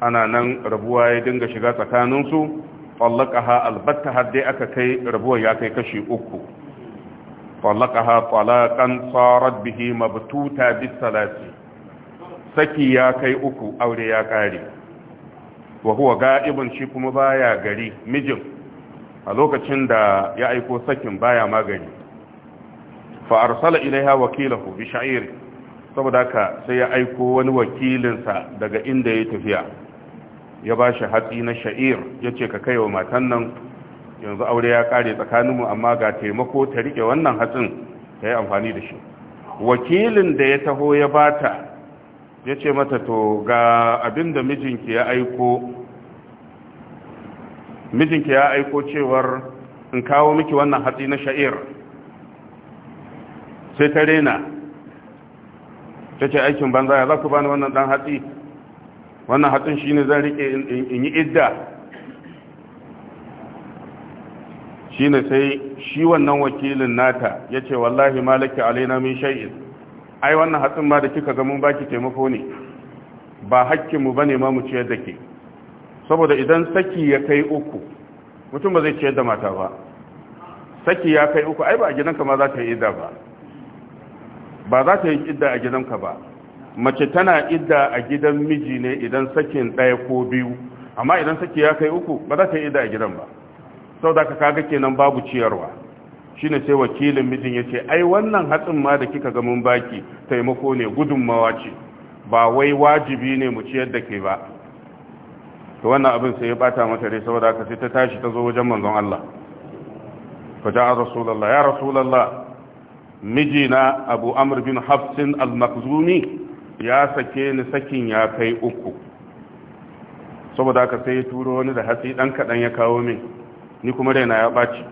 ana nan rabuwa ya dinga shiga tsakaninsu tsallakaha albatta har dai aka kai rabuwa ya kai kashi uku tsallakaha tsalakan tsarar bihi mabtuta bisalati saki ya kai uku aure ya kare wa huwa ga'ibun shi kuma baya gari mijin a lokacin da ya aiko sakin baya magani fa arsala ilaiha wakilahu bi sha'ir saboda ka sai ya aiko wani wakilinsa daga inda ya tafiya ya ba shi hatsi na sha'ir ya ce ka kai wa matan nan yanzu aure ya kare tsakaninmu amma ga taimako ta rike wannan hatsin ta yi amfani da shi wakilin da ya taho ya bata ya ce mata to ga abin da mijinki ya aiko mijinki ya aiko cewar in kawo miki wannan hatsi na sha'ir sai ta rena ta ce aikin banza ya za ku bani wannan dan hatsi wannan hatsin shi ne zan rike in yi idda shi ne sai shi wannan wakilin nata ya ce wallahi malaki alaina min sha'ir ai wannan hatsin ma da kika ga mun baki taimako ne ba hakkin mu bane ma mu ciyar da ke saboda idan saki ya kai uku mutum ba zai ciyar da mata ba saki ya kai uku ai ba a gidanka ma za ta yi idda ba ba za ta yi idda a gidanka ba mace tana idda a gidan miji ne idan sakin ɗaya ko biyu amma idan saki ya kai uku ba za ta yi idda a gidan ba sau da ka kaga kenan babu ciyarwa Shi ne sai wakilin mijin ya ce ai wannan hatsin ma da kika ga mun baki taimako ne gudunmawa ce ba wai wajibi ne mu ciyar da ke ba to wannan abin sai ya bata mata rai saboda haka sai ta tashi ta zo wajen manzon Allah fa ja'a rasulullah ya rasulullah mijina abu amr bin hafsin al makzumi ya sake ni sakin ya kai uku saboda haka sai ya turo wani da hatsi dan kadan ya kawo min ni kuma raina ya baci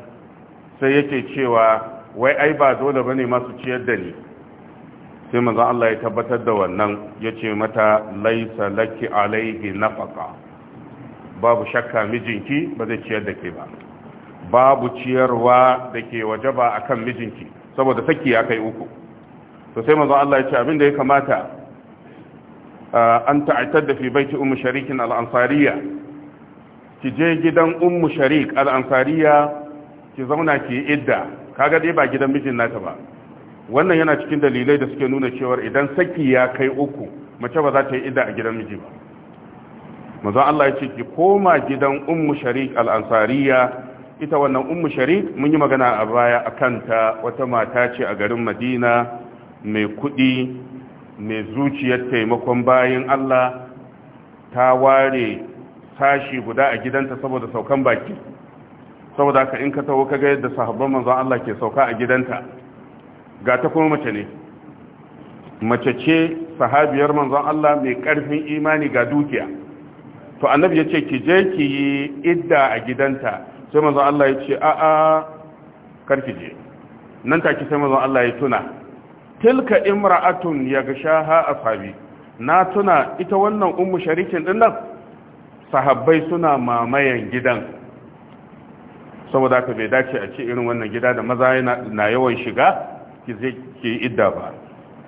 sai yake cewa wai ai ba dole bane masu ciyar da ni sai manzon Allah ya tabbatar da wannan yace mata laisa laki alaihi nafaka babu shakka mijinki ba zai ciyar da ke ba babu ciyarwa da ke waje ba akan mijinki saboda saki ya kai uku to sai Allah ya ce abin da ya kamata an ta'atar da fi baiti ummu sharikin al-ansariya ki je gidan ummu sharik al-ansariya ki zauna ki idda kaga dai ba gidan mijin naka ba wannan yana cikin dalilai da suke nuna cewa idan saki ya kai uku mace ba za ta yi idda a gidan miji ba manzon Allah ya ce ki koma gidan ummu sharik al-ansariya ita wannan ummu sharik mun yi magana a baya akan ta wata mata ce a garin Madina mai kudi mai zuciyar taimakon bayin Allah ta ware sashi guda a gidanta saboda saukan baki saboda haka in ka taho kaga yadda sahabban manzon Allah ke sauka a gidanta ga ta kuma mace ne mace ce sahabiyar manzon Allah mai karfin imani ga dukiya to annabi ya ce ki je ki yi idda a gidanta sai manzon Allah ya ce a'a karki je nan take sai manzon Allah ya tuna tilka imra'atun yaghshaha ashabi na tuna ita wannan ummu sharikin din sahabbai suna mamayan gidan saboda ka bai dace a ce irin wannan gida da maza na yawan shiga ki zai ki idda ba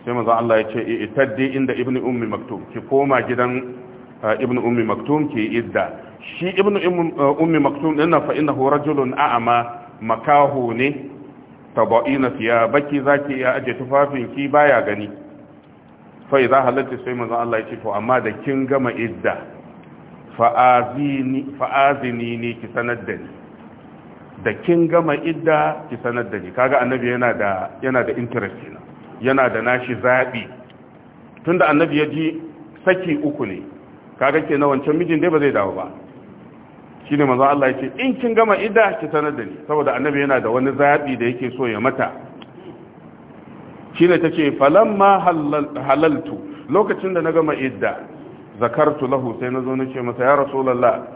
sai maza Allah ya ce eh, itaddi inda ibnu ummi maktum ki koma gidan eh, ibnu ummi maktum ki idda shi ibnu eh, ummi maktum dinna fa innahu rajulun a'ama makahu ne tabaina fiya baki zaki ya aje tufafin ki baya gani fa idza halatta sai maza Allah ya ce to amma da kin gama idda fa'azini fa'azini ne ki sanar da ni da kin gama idda ki sanar da ni kaga annabi yana da yana da interest yana yana da nashi zabi tunda annabi ya ji saki uku ne kaga ke na wancan mijin dai ba zai dawo ba shine manzo Allah ya ce in kin gama idda ki sanar da ni saboda annabi yana da wani zabi da yake so ya mata shine tace falamma halaltu lokacin da na gama idda zakartu lahu sai nazo ce masa ya rasulullah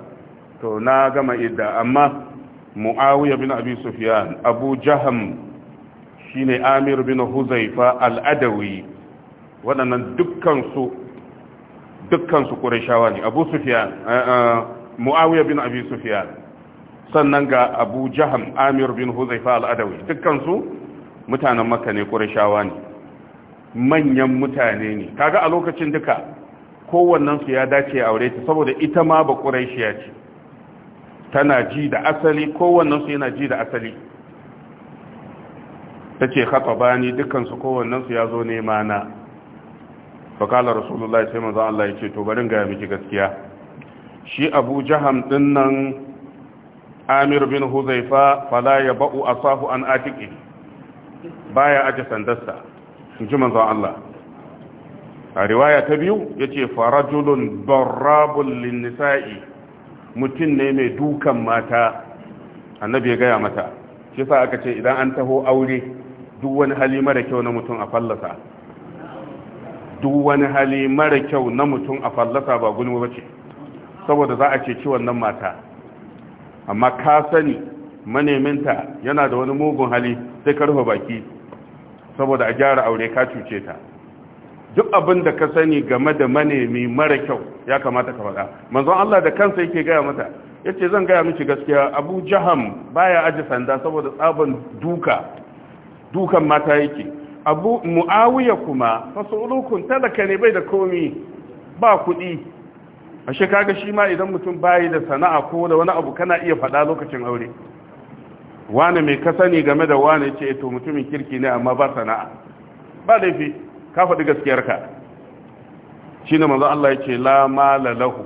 to na gama idda amma Mu'awiyya bin abi sufyan abu jaham shine amir bin huzaifa al-adawi waɗannan dukkansu dukkansu qurayshawa ne abu sufyan eh, eh, muawiya bin abi sufyan sannan ga abu jaham amir bin huzaifa al-adawi dukkansu mutanen makka ne ƙurashawa ne manyan mutane ne kaga a lokacin duka kowannensu ya dace aure ta saboda ita ma ba qurayshiya ce tana ji da asali kowannensu yana ji da asali ta ce ni dukansu kowannensu ya zo nema na fakalar rasulullah sai maza Allah ya ce to barin gaya miki gaskiya shi abu jaham din nan amir bin huzaifa fala ya ba'u asahu an atiki baya aje sandarsa Sun ji manzon Allah a riwaya ta biyu ya ce farajulun barrabun linnisa'i mutum ne mai dukan mata annabi ya gaya mata shi sa aka ce idan an taho aure duk wani hali mara kyau na mutum a fallasa duk wani hali mara kyau na mutum a fallasa ba gulma bace saboda za a ci wannan mata amma ka sani maneminta yana da wani mugun hali sai ka rufe baki saboda a gyara aure ka cuce ta duk abin da ka sani game da manemi mara kyau ya kamata ka faɗa manzon Allah da kansa yake gaya mata yace zan gaya miki gaskiya Abu Jaham baya aji sanda saboda tsaban duka dukan mata yake Abu Muawiya kuma fasulukun talaka ne bai da komi ba kuɗi ashe kaga shi ma idan mutum bai da sana'a ko da wani abu kana iya faɗa lokacin aure wani mai ka sani game da wani yace to mutumin kirki ne amma ba sana'a ba laifi ka faɗi gaskiyarka shi ne manzo Allah ya ce la mala lahu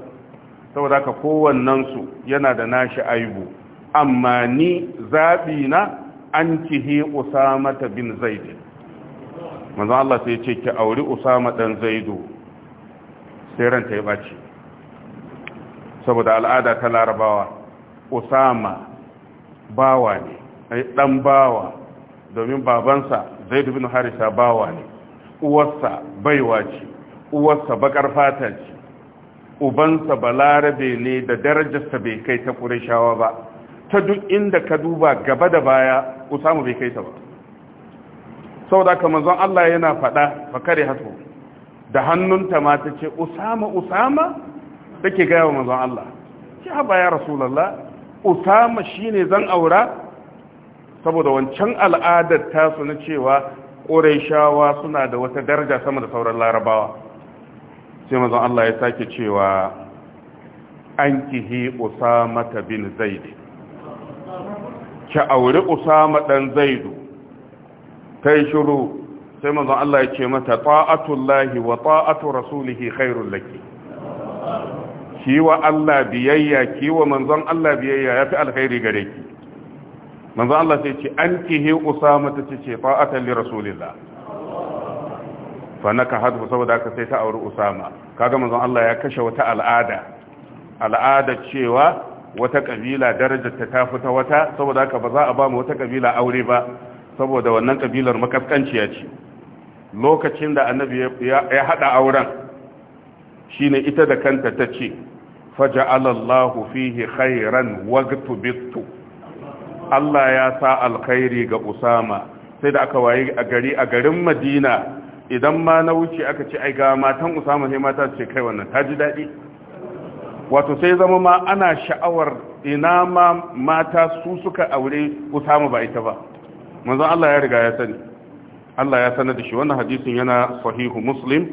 saboda haka kowannensu yana da nashi aibu amma ni zaɓi na an kihi ta bin zaid manzo Allah sai ya ce ki auri usama dan zaidu sai ranta ya bace saboda al'ada ta larabawa usama bawa ne eh, ɗan bawa domin babansa zaidu bin harisa bawa ne uwarsa baiwa ce uwarsa bakar fata ce ubansa ba Larabe ne da darajarsa bai kai ta ƙurashawa ba ta duk inda ka duba gaba da baya usamu bai kai ta ba saboda kamar zan Allah yana faɗa kare hatu da hannunta ma ta ce usama usama ke gaya wa manzon Allah ce haba ya rasulallah usama shine zan aura saboda wancan al'adar tasu na cewa ƙuraishawa suna da wata daraja sama da sauran larabawa sai mazan Allah ya sake cewa an kihi usama ta bin zaidi ki auri usama ɗan zaidu ta yi shiru sai mazan Allah ya ce mata ta'atullahi wa ta'atu rasulihi khairun laki ki wa Allah biyayya ki wa manzon Allah biyayya ya fi alkhairi gare ki manzo Allah sai ce an kihe usama ta ce ce fa'atan li rasulillah fa naka hadu saboda ka sai ta auri usama kaga manzo Allah ya kashe wata al'ada al'ada cewa wata kabila darajar ta tafi ta wata saboda haka ba za a ba mu wata kabila aure ba saboda wannan kabilar makaskanciya ce lokacin da annabi ya hada auren shine ita da kanta ta ce faja'alallahu fihi khairan waqtu bitu Allah ya sa alkhairi ga Usama sai da aka wayi a gari a garin Madina idan ma na wuce aka ce ai ga matan Usama sai mata ce kai wannan ta ji daɗi wato sai zama ma ana sha'awar ina ma mata su suka aure Usama ba ita ba manzon Allah ya riga ya sani Allah ya sanar da shi wannan hadisin yana sahihu Muslim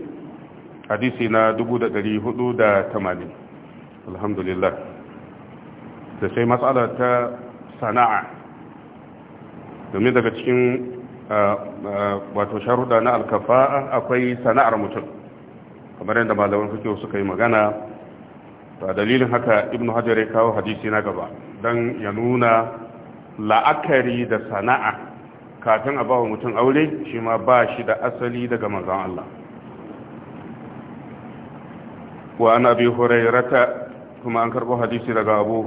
hadisi na 480 alhamdulillah da sai matsala ta sana'a domin daga cikin ah, ah, wato sharuɗa na alkafa'a akwai sana'ar mutum kamar yadda malaman fikiyo suka yi magana ta dalilin haka ibnu hajar ya kawo hadisi na gaba don ya nuna la'akari da sana'a kafin a bawa mutum aure shi ma ba shi da asali daga manzan Allah wa ana bi hurairata kuma an karɓo hadisi daga abu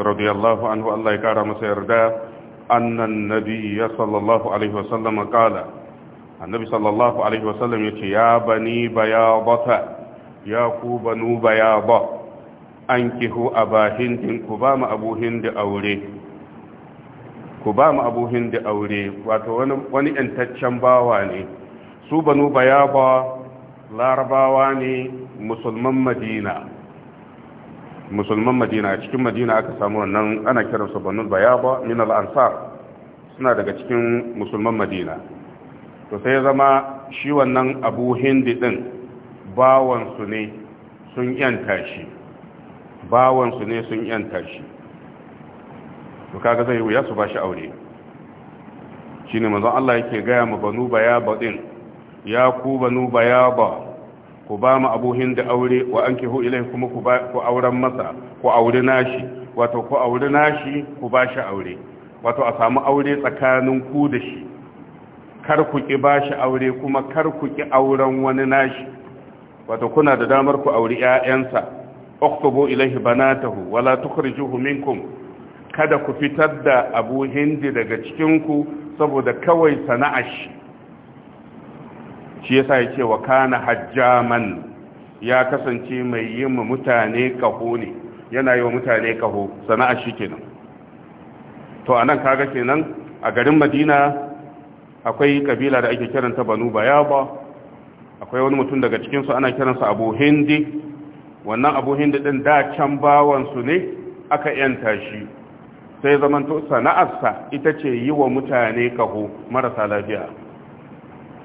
radiyallahu anhu Allah ya kara masa yarda annan nabiyya sallallahu alaihi wasallam qala annabi sallallahu alaihi wasallam yace ya bani bayadata ya ku banu bayada ankihu abahindin ku ba mu abuhin da aure ku ba mu abuhin da aure wato wani yantaccen bawa ne su banu bayada larabawa ne musulman madina musulman madina cikin madina aka samu wannan ana kiransu banul bayaba min al suna daga cikin musulman madina to sai ya zama shi wannan abu hindi din bawansu ne sun yanta shi bawansu ne sun yanta shi to kaga zai wuya su bashi aure shine manzon Allah yake gaya ma banu bayaba din ya ku banu bayaba ku ba mu abuhin da aure wa an kihu ilai kuma ku auren masa ku aure nashi wato ku aure nashi ku ba shi aure wato a samu aure tsakanin ku da shi kar ku ki ba shi aure kuma kar ku ki auren wani nashi wato kuna da damar ku aure ƴaƴansa uktubu ilaihi banatahu wala tukhrijuhu minkum kada ku fitar da abu hindi daga cikinku saboda kawai sana'ar shi shi yasa ya ce wa kana hajjaman ya kasance mai yi ma mutane kaho ne yana yi wa mutane kaho sana'a shi kenan to anan kaga kenan a garin madina akwai kabila da ake kiranta banu bayaba akwai wani mutum daga cikinsu ana kiransa abu hindi wannan abu hindi din da can bawansu ne aka yanta shi sai zamanto sana'arsa ita ce yi wa mutane kaho marasa lafiya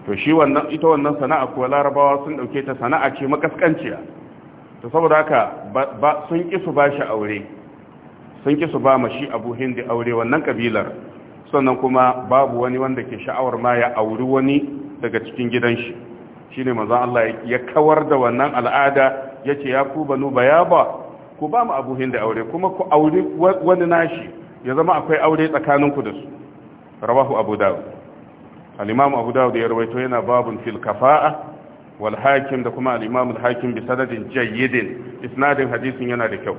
to shi wannan ita wannan sana'a ko larabawa sun dauke ta sana'a ce makaskanciya to saboda haka ba sun ki su bashi aure sun ki su ba mashi Abu Hindi aure wannan kabilar sannan kuma babu wani wanda ke sha'awar ma ya auri wani daga cikin gidan shi shine manzon Allah ya kawar da wannan al'ada yace ya ku banu bayaba ku ba mu Abu Hindi aure kuma ku auri wani nashi ya zama akwai aure tsakaninku da su rawahu Abu Dawud al abu dawud ya rawaito yana babun filkafa'a kafa'a wal hakim da kuma al-imam hakim bi sanadin jayyidin isnadin hadisin yana da kyau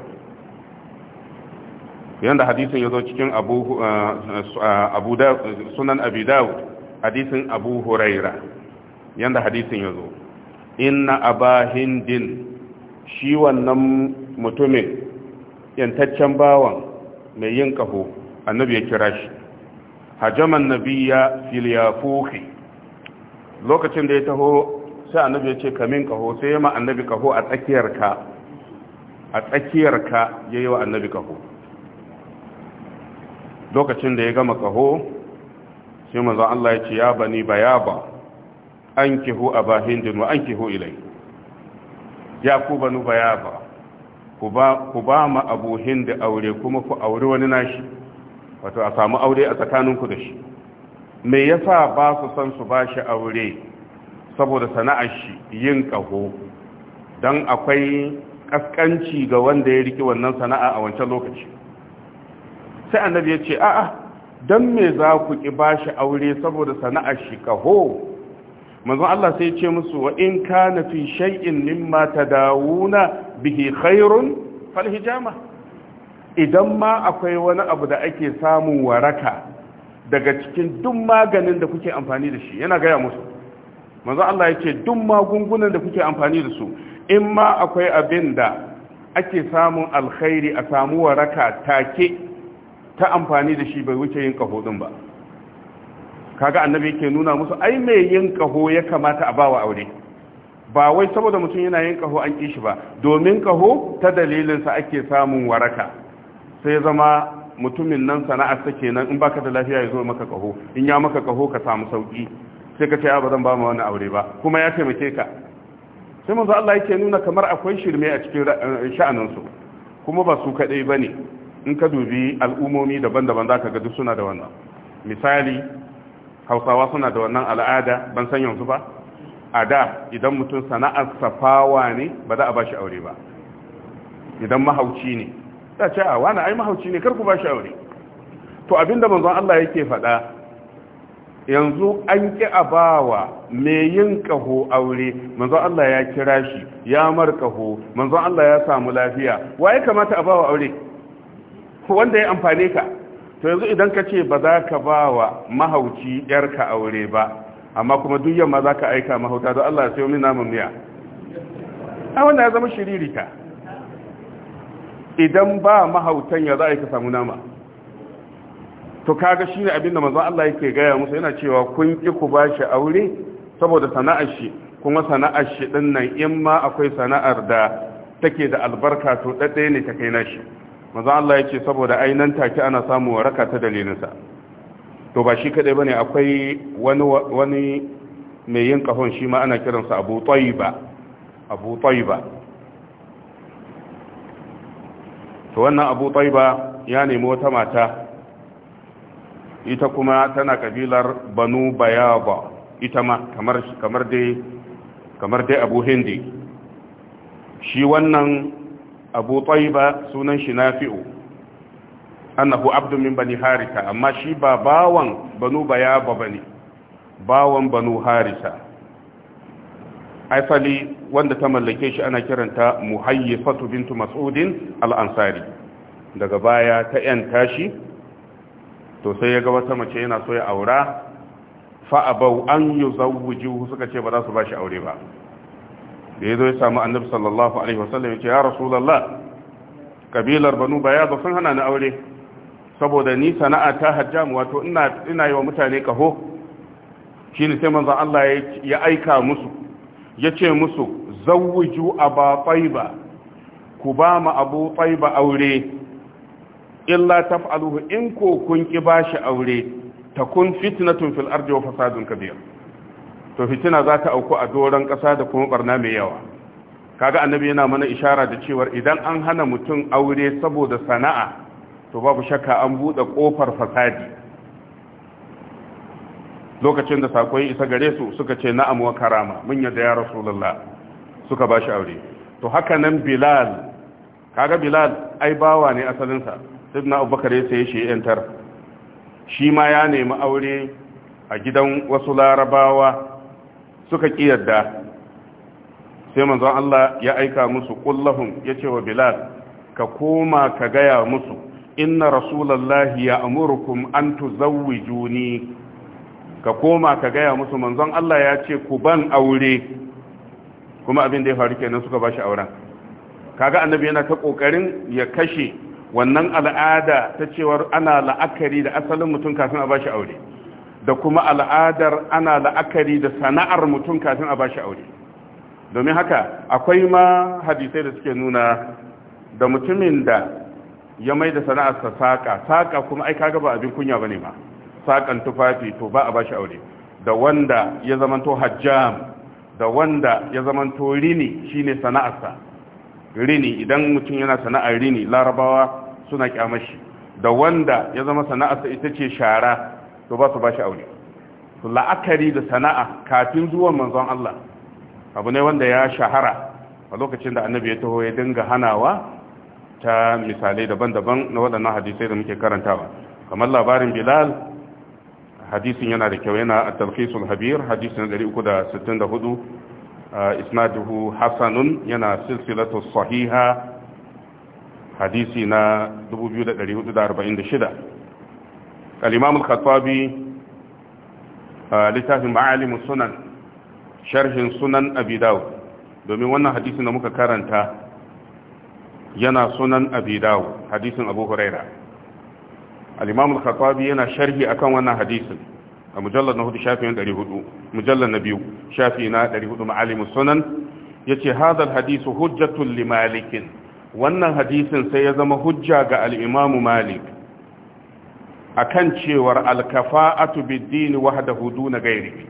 yadda hadisin ya zo cikin abu uh, uh, sunan abi dawud hadisin abu huraira yadda hadisin ya zo inna aba din shi wannan mutumin yantaccen bawan mai yin kaho annabi ya kira shi hajaman nabiya fil lokacin da ya taho sai annabi ya ce kamin kaho sai ya ma annabi kaho a tsakiyarka a tsakiyarka yi wa annabi kaho lokacin da ya gama kaho sai manzo Allah ya ce ya bani bayaba ankihu abahindin wa ankihu ilai ya ku banu ba ku ba ma abu hindi aure kuma ku aure wani nashi wato a samu aure a tsakaninku da shi me yasa ba su san su ba shi aure saboda sana'ar shi yin kaho don akwai ƙasƙanci ga wanda ya riki wannan sana'a a wancan lokaci sai annabi ya ce a'a don me za ku ki ba shi aure saboda sana'ar shi ƙaho manzo Allah sai ya ce musu wa in kana fi shay'in mimma tadawuna bihi khairun fal hijama idan ma akwai wani abu da ake samun waraka daga cikin duk maganin da kuke amfani da shi yana gaya musu manzo Allah ya ce duk magungunan da kuke amfani da su in ma akwai abin da ake samun alkhairi a samu waraka take ta amfani da shi bai wuce yin kaho din ba kaga annabi yake nuna musu ai mai yin kaho ya kamata a bawa aure ba wai saboda mutum yana yin kaho an kishi ba domin kaho ta dalilinsa ake samun waraka sai zama mutumin nan sana'ar ta kenan in baka da lafiya ya zo maka kaho in ya maka kaho ka samu sauki sai ka ce ba zan ba mu wani aure ba kuma ya taimake ka sai manzo Allah yake nuna kamar akwai shirme a cikin eh, sha'anin su kuma ba su kadai bane in ka dubi al'umomi daban-daban zaka ga duk suna da wannan misali Hausawa suna da wannan al'ada ban san yanzu ba a da idan mutum sana'ar safawa ne ba za a ba shi aure ba idan mahauci ne ta ce a wani ai mahauci ne karku ba shi aure to abinda manzon Allah yake faɗa yanzu an ki abawa mai yin kaho aure manzon Allah ya kira shi ya mar manzon Allah ya samu lafiya wa ya kamata a bawa aure wanda ya amfane ka to yanzu idan ka ce ba za ka bawa mahauci yarka aure ba amma kuma duk yamma za ka aika mahauta don Allah ya sayo min naman miya a wannan ya zama shiririta idan ba mahautan ya za a yi ka samu nama to kaga shi ne abinda manzon Allah yake gaya musu yana cewa kun ƙi ku ba shi aure saboda sana'ar shi kuma sana'ar shi din nan in ma akwai sana'ar da take da albarka to ɗaɗɗaya ne ta kai na shi manzon Allah yake saboda ainan take ana samu waraka ta dalilinsa to ba shi kadai bane akwai wani wani mai yin kahon shi ma ana kiransa Abu Tayyiba Abu Tayyiba to wannan abu taiba ya nemi wata mata ita kuma tana kabilar banu bayaba ita ma kamar dai abu hindi shi wannan abu taiba sunan shi nafi'u annahu abdun min bani harita amma shi ba bawan banu bayaba bane bawan banu harisa asali wanda ta mallake shi ana kiranta muhayyifatu bintu mas'udin al-ansari daga baya ta yanta shi to sai ya ga wata mace yana so ya aura fa abau an yuzawwiju suka ce ba za su bashi aure ba da yazo ya samu annabi sallallahu alaihi wasallam ce ya rasulullah kabilar banu bayad sun hana ni aure saboda ni sana'a ta hajjam wato ina ina yi wa mutane kaho shine sai manzon Allah ya aika musu ya ce musu zawuju aba taiba ku ba mu abu taiba aure illa taf'aluhu in ko kun ki shi aure ta takun fitnatun fil ardi wa fasadun kabir to fitina za ta auku a doron ƙasa da kuma barna mai yawa kaga annabi yana mana ishara da cewar idan an hana mutum aure saboda sana'a to babu shakka an buɗe ƙofar fasadi lokacin da sako isa gare su suka ce na'am wa karama mun yadda ya rasulullah suka ba shi aure to haka nan bilal kaga bilal ai bawa ne asalinsa sidna abubakar ya sai shi yantar shi ma ya nemi aure a gidan wasu larabawa suka ki yadda sai manzon Allah ya aika musu kullahum ya ce wa bilal ka koma ka gaya musu inna rasulallahi ya amurukum an tuzawwijuni ka koma ka gaya musu manzon Allah ya ce ku ban aure kuma abin da ya faru kenan suka bashi auren kaga annabi yana ta kokarin ya kashe wannan al'ada ta cewar ana la'akari da asalin mutum kafin a bashi aure da kuma al'adar ana la'akari da sana'ar mutum kafin a bashi aure domin haka akwai ma hadisai da suke nuna da mutumin da ya mai da sa saka saka kuma ai kaga ba abin kunya bane ma sakan tufafi to ba a bashi aure da wanda ya zamanto hajjam da wanda ya zamanto rini shine sana'arsa rini idan mutum yana sana'ar rini larabawa suna kyamashi da wanda ya zama sana'arsa ita ce shara to ba su bashi aure to la'akari da sana'a kafin zuwan manzon Allah abu ne wanda ya shahara a lokacin da annabi ya taho ya dinga hanawa ta misalai daban-daban na waɗannan hadisai da muke karantawa kamar labarin bilal hadisin yana da kyau yana a talfisul habir hadisin 364 isnaduhu hasanun yana silsilatu sahiha hadisi na 2446 al-imam al-khattabi littafin ma'alimin sunan sharhin sunan Abidawu domin wannan hadisin da muka karanta yana sunan Abidawu dawud hadisin abu huraira al al-khattabi yana sharhi akan wannan hadisin a mujallar na hudu shafi na 400 mujallar na biyu shafi na 400 ma'alimu sunan ya ce hadar hadisu hujjatun li malikin wannan hadisin sai ya zama hujja ga al'imamu malik a kan cewar alkafa'atu biddini wahada hudu na gairi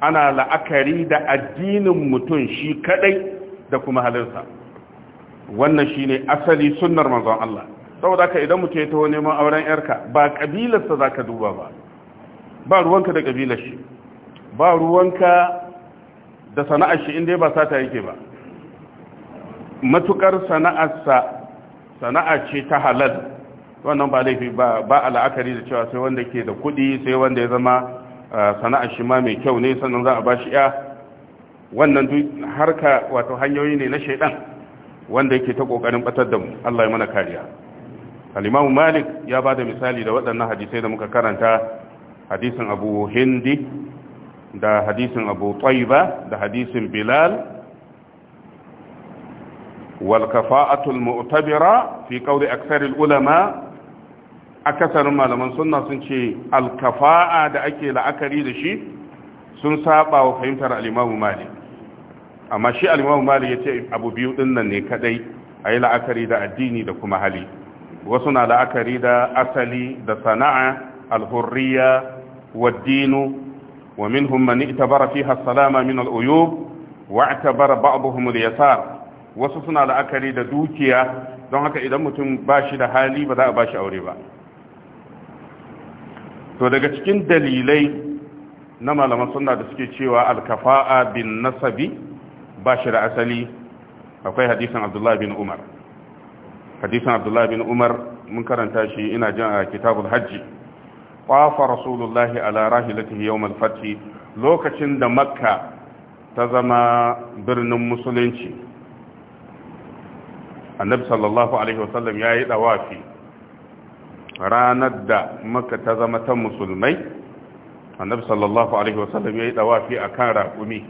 ana la'akari da addinin mutum shi kadai da kuma halinsa wannan shine asali sunnar manzon Allah saboda ka idan mutum ya taho neman auren yarka ba kabilarsa za ka duba ba ba ruwanka da kabilar shi ba ruwanka da sana'ar shi inda ba sata yake ba matukar sana'arsa sana'a ce ta halal wannan ba laifi ba a la'akari da cewa sai wanda ke da kuɗi sai wanda ya zama eh, sana'ar shi ma mai kyau ne sannan za a ba shi ya wannan duk harka wato hanyoyi ne na shaidan wanda yake ta kokarin batar da mu Allah ya mana kariya al malik ya bada misali da waɗannan hadisai da muka karanta hadisin abu hindi da hadisin abu ƙwaiba da hadisin bilal walkafa'atul mu'tabira fi kauri aksarin ulama akasarin malaman sunna sun ce alkafa'a da ake la'akari da shi sun saba wa fahimtar alimamu Malik. amma shi alimamu Malik ya ce abu biyu nan ne kadai a yi la'akari da addini da kuma hali wasu na la'akari da asali da sana'a alhurriya waddinu wa minhum man itabara fiha salama min al'uyub wa atabara ba'dhum al-yasar wasu suna la'akari da dukiya don haka idan mutum ba shi da hali ba za a ba shi aure ba to daga cikin dalilai na malaman sunna da suke cewa alkafa'a bin nasabi ba shi da asali akwai hadisin abdullahi bin umar hadisin abdullahi bin umar mun karanta shi ina jin a kitabul hajji kwafa rasulullahi ala rahilatihi yawm lokacin da makka ta zama birnin musulunci annabi sallallahu alaihi wasallam yayi ranar da makka ta zama ta musulmai annabi sallallahu alaihi wasallam yayi dawafi akan raƙumi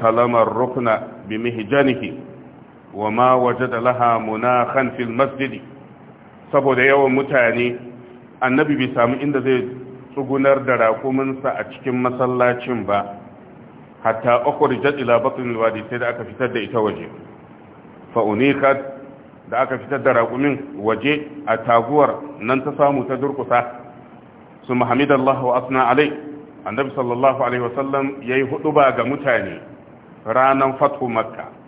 talamar rukuna bi mihjanihi wa ma wajada laha munakhan fil masjidi saboda yawan mutane annabi bai samu inda zai tsugunar da rakuminsa a cikin masallacin ba hatta ukhrijat jadila batn alwadi sai da aka fitar da ita waje fa da aka fitar da raƙumin waje a taguwar nan ta samu ta durkusa su muhammadallahu asna alai annabi sallallahu alaihi wasallam yayi hudu ba ga mutane ranar fatu makka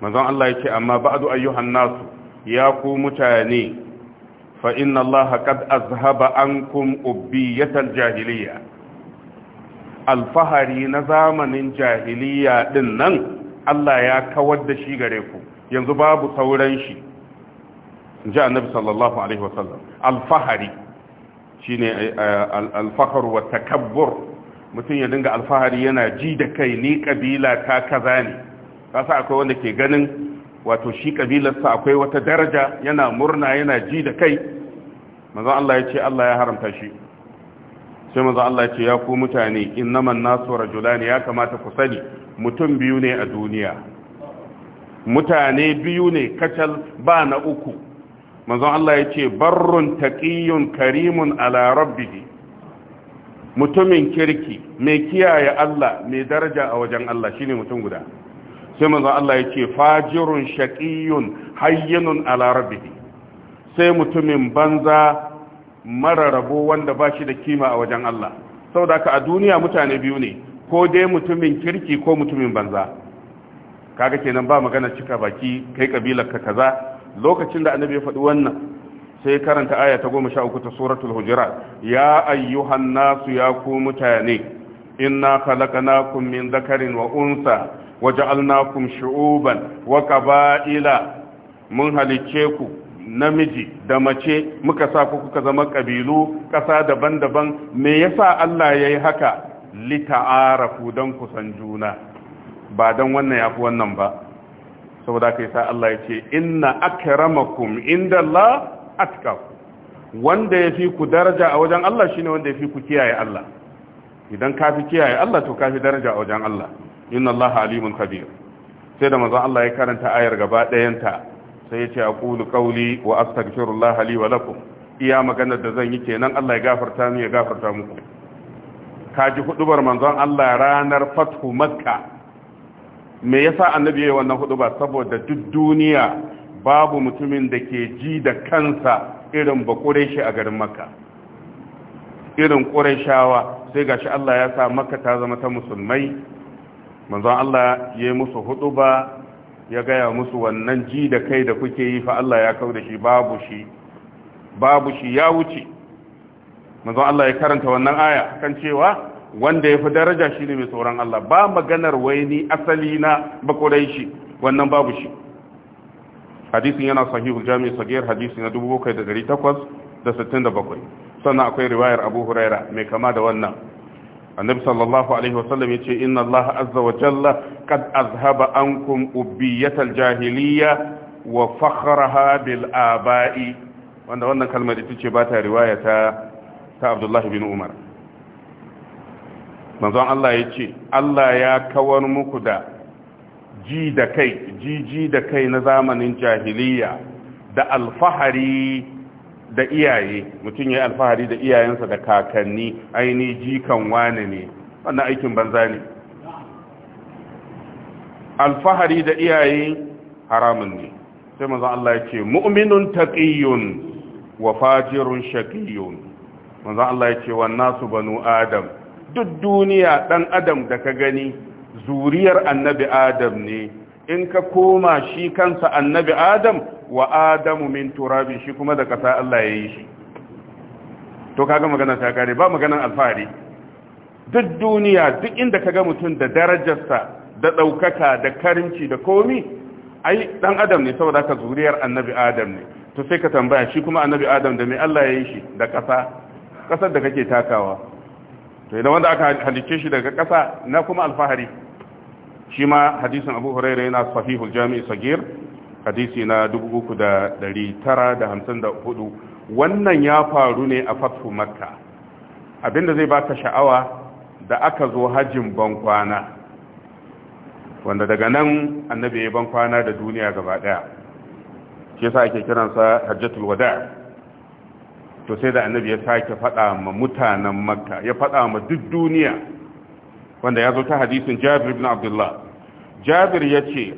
manzon Allah yake amma ba'du ayyuhan nasu ya ku mutane fa inna Allah qad azhaba ankum ubbiyatal jahiliya alfahari na zamanin jahiliya din nan Allah ya kawar da shi gare ku yanzu babu sauran shi ji annabi sallallahu alaihi wasallam alfahari shine eh, alfahar wa takabbur mutum ya dinga alfahari yana ji da kai ni kabila ta kaza ne kasa akwai wanda ke ganin wato shi kabilarsa akwai wata daraja yana murna yana ji da kai Maza Allah ya ce Allah ya haramta shi sai Maza Allah ya ce ya ku mutane innaman nasu rajulani ya kamata ku sani mutum biyu ne a duniya mutane biyu ne kacal ba na uku Maza Allah ya ce barrun taqiyyun karimun ala rabbih mutumin kirki mai kiyaye Allah mai daraja a wajen Allah shine mutum guda sai manzo Allah ya ce fajirun shaqiyun hayyanun ala sai mutumin banza mara rabo wanda ba shi da kima a wajen Allah saboda ka a duniya mutane biyu ne ko dai mutumin kirki ko mutumin banza kaga kenan ba magana cika baki kai kabilar ka kaza lokacin da annabi ya faɗi wannan sai karanta aya ta sha uku ta suratul hujurat ya ayyuhan nasu ya ku mutane inna khalaqnakum min dhakarin wa unsa waja'alnakum shu'uban wa qaba'ila mun halice ku namiji da mace muka sa ku kuka zama kabilu ƙasa daban-daban me yasa Allah yayi haka dan don kusan juna ba don wannan yafi wannan ba saboda kai sa Allah ya inna akramakum indallah atqakum wanda ya fi ku daraja a wajen Allah shine wanda yafi ku kiyaye Allah idan ka fi kiyaye Allah to ka fi daraja a wajen Allah inna allaha alimun khabir sai da manzon Allah ya karanta ayar gaba ɗayanta sai ya ce aqulu qawli wa astaghfirullaha li wa lakum iya maganar da zan yi kenan Allah ya gafarta mu ya gafarta muku kaji hudubar manzon Allah ranar fathu makka me yasa annabi yayi wannan huduba saboda duk duniya babu mutumin da ke ji da kansa irin shi a garin makka irin shawa sai gashi Allah ya sa makka ta zama ta musulmai manzon Allah ya yi musu ba ya gaya musu wannan ji da kai da kuke yi fa Allah ya kau da shi babu shi babu shi ya wuce manzon Allah ya karanta wannan aya kan cewa wanda ya fi daraja shi ne mai tsoron Allah ba maganar waini asali na bakurai shi wannan babu shi hadisin yana sahihu jami'i sagir hadisi na 1867 sannan akwai riwayar abu huraira mai kama da wannan annabi sallallahu alaihi wasallam ya ce inna allaha azza wa jalla qad azhaba ankum ubbiyatal jahiliya wa fakhraha bil aba'i wanda wannan kalmar ita ce ba ta riwaya ta ta abdullahi bin umar manzon Allah ya ce Allah ya kawar muku da ji da kai jiji da kai na zamanin jahiliya da alfahari da iyaye mutum ya alfahari da iyayensa da kakanni aini jikan wane ne wannan aikin banza ne alfahari da iyaye haramun ne sai manzon Allah ya ce mu'minun taqiyyun wa fajirun shaqiyyun manzon Allah ya ce wan nasu banu adam duk duniya dan adam da ka gani zuriyar annabi adam ne in ka koma shi kansa annabi adam wa adamu min turabin shi kuma da kasa Allah ya yi shi to kaga magana ta kare ba maganan alfahari duk duniya duk inda kaga mutum da darajarsa da ɗaukaka da karimci da komi ai dan adam ne saboda ka zuriyar annabi adam ne to sai ka tambaya shi kuma annabi adam da mai Allah ya yi shi da kasa kasar da kake takawa to idan wanda aka halicce shi daga kasa na kuma alfahari shi ma hadisin abu huraira yana sahihul jami'i sagir hadisi na 3954 wannan ya faru ne a fatfu makka abinda zai baka sha'awa da aka zo hajjin bankwana wanda daga nan annabi ya bankwana da duniya gaba daya shi yasa ake kiransa hajjatul wada to sai da annabi ya sake fada ma mutanen makka ya fada ma duk duniya wanda ya zo ta hadisin jabir ibn abdullah jabir ya ce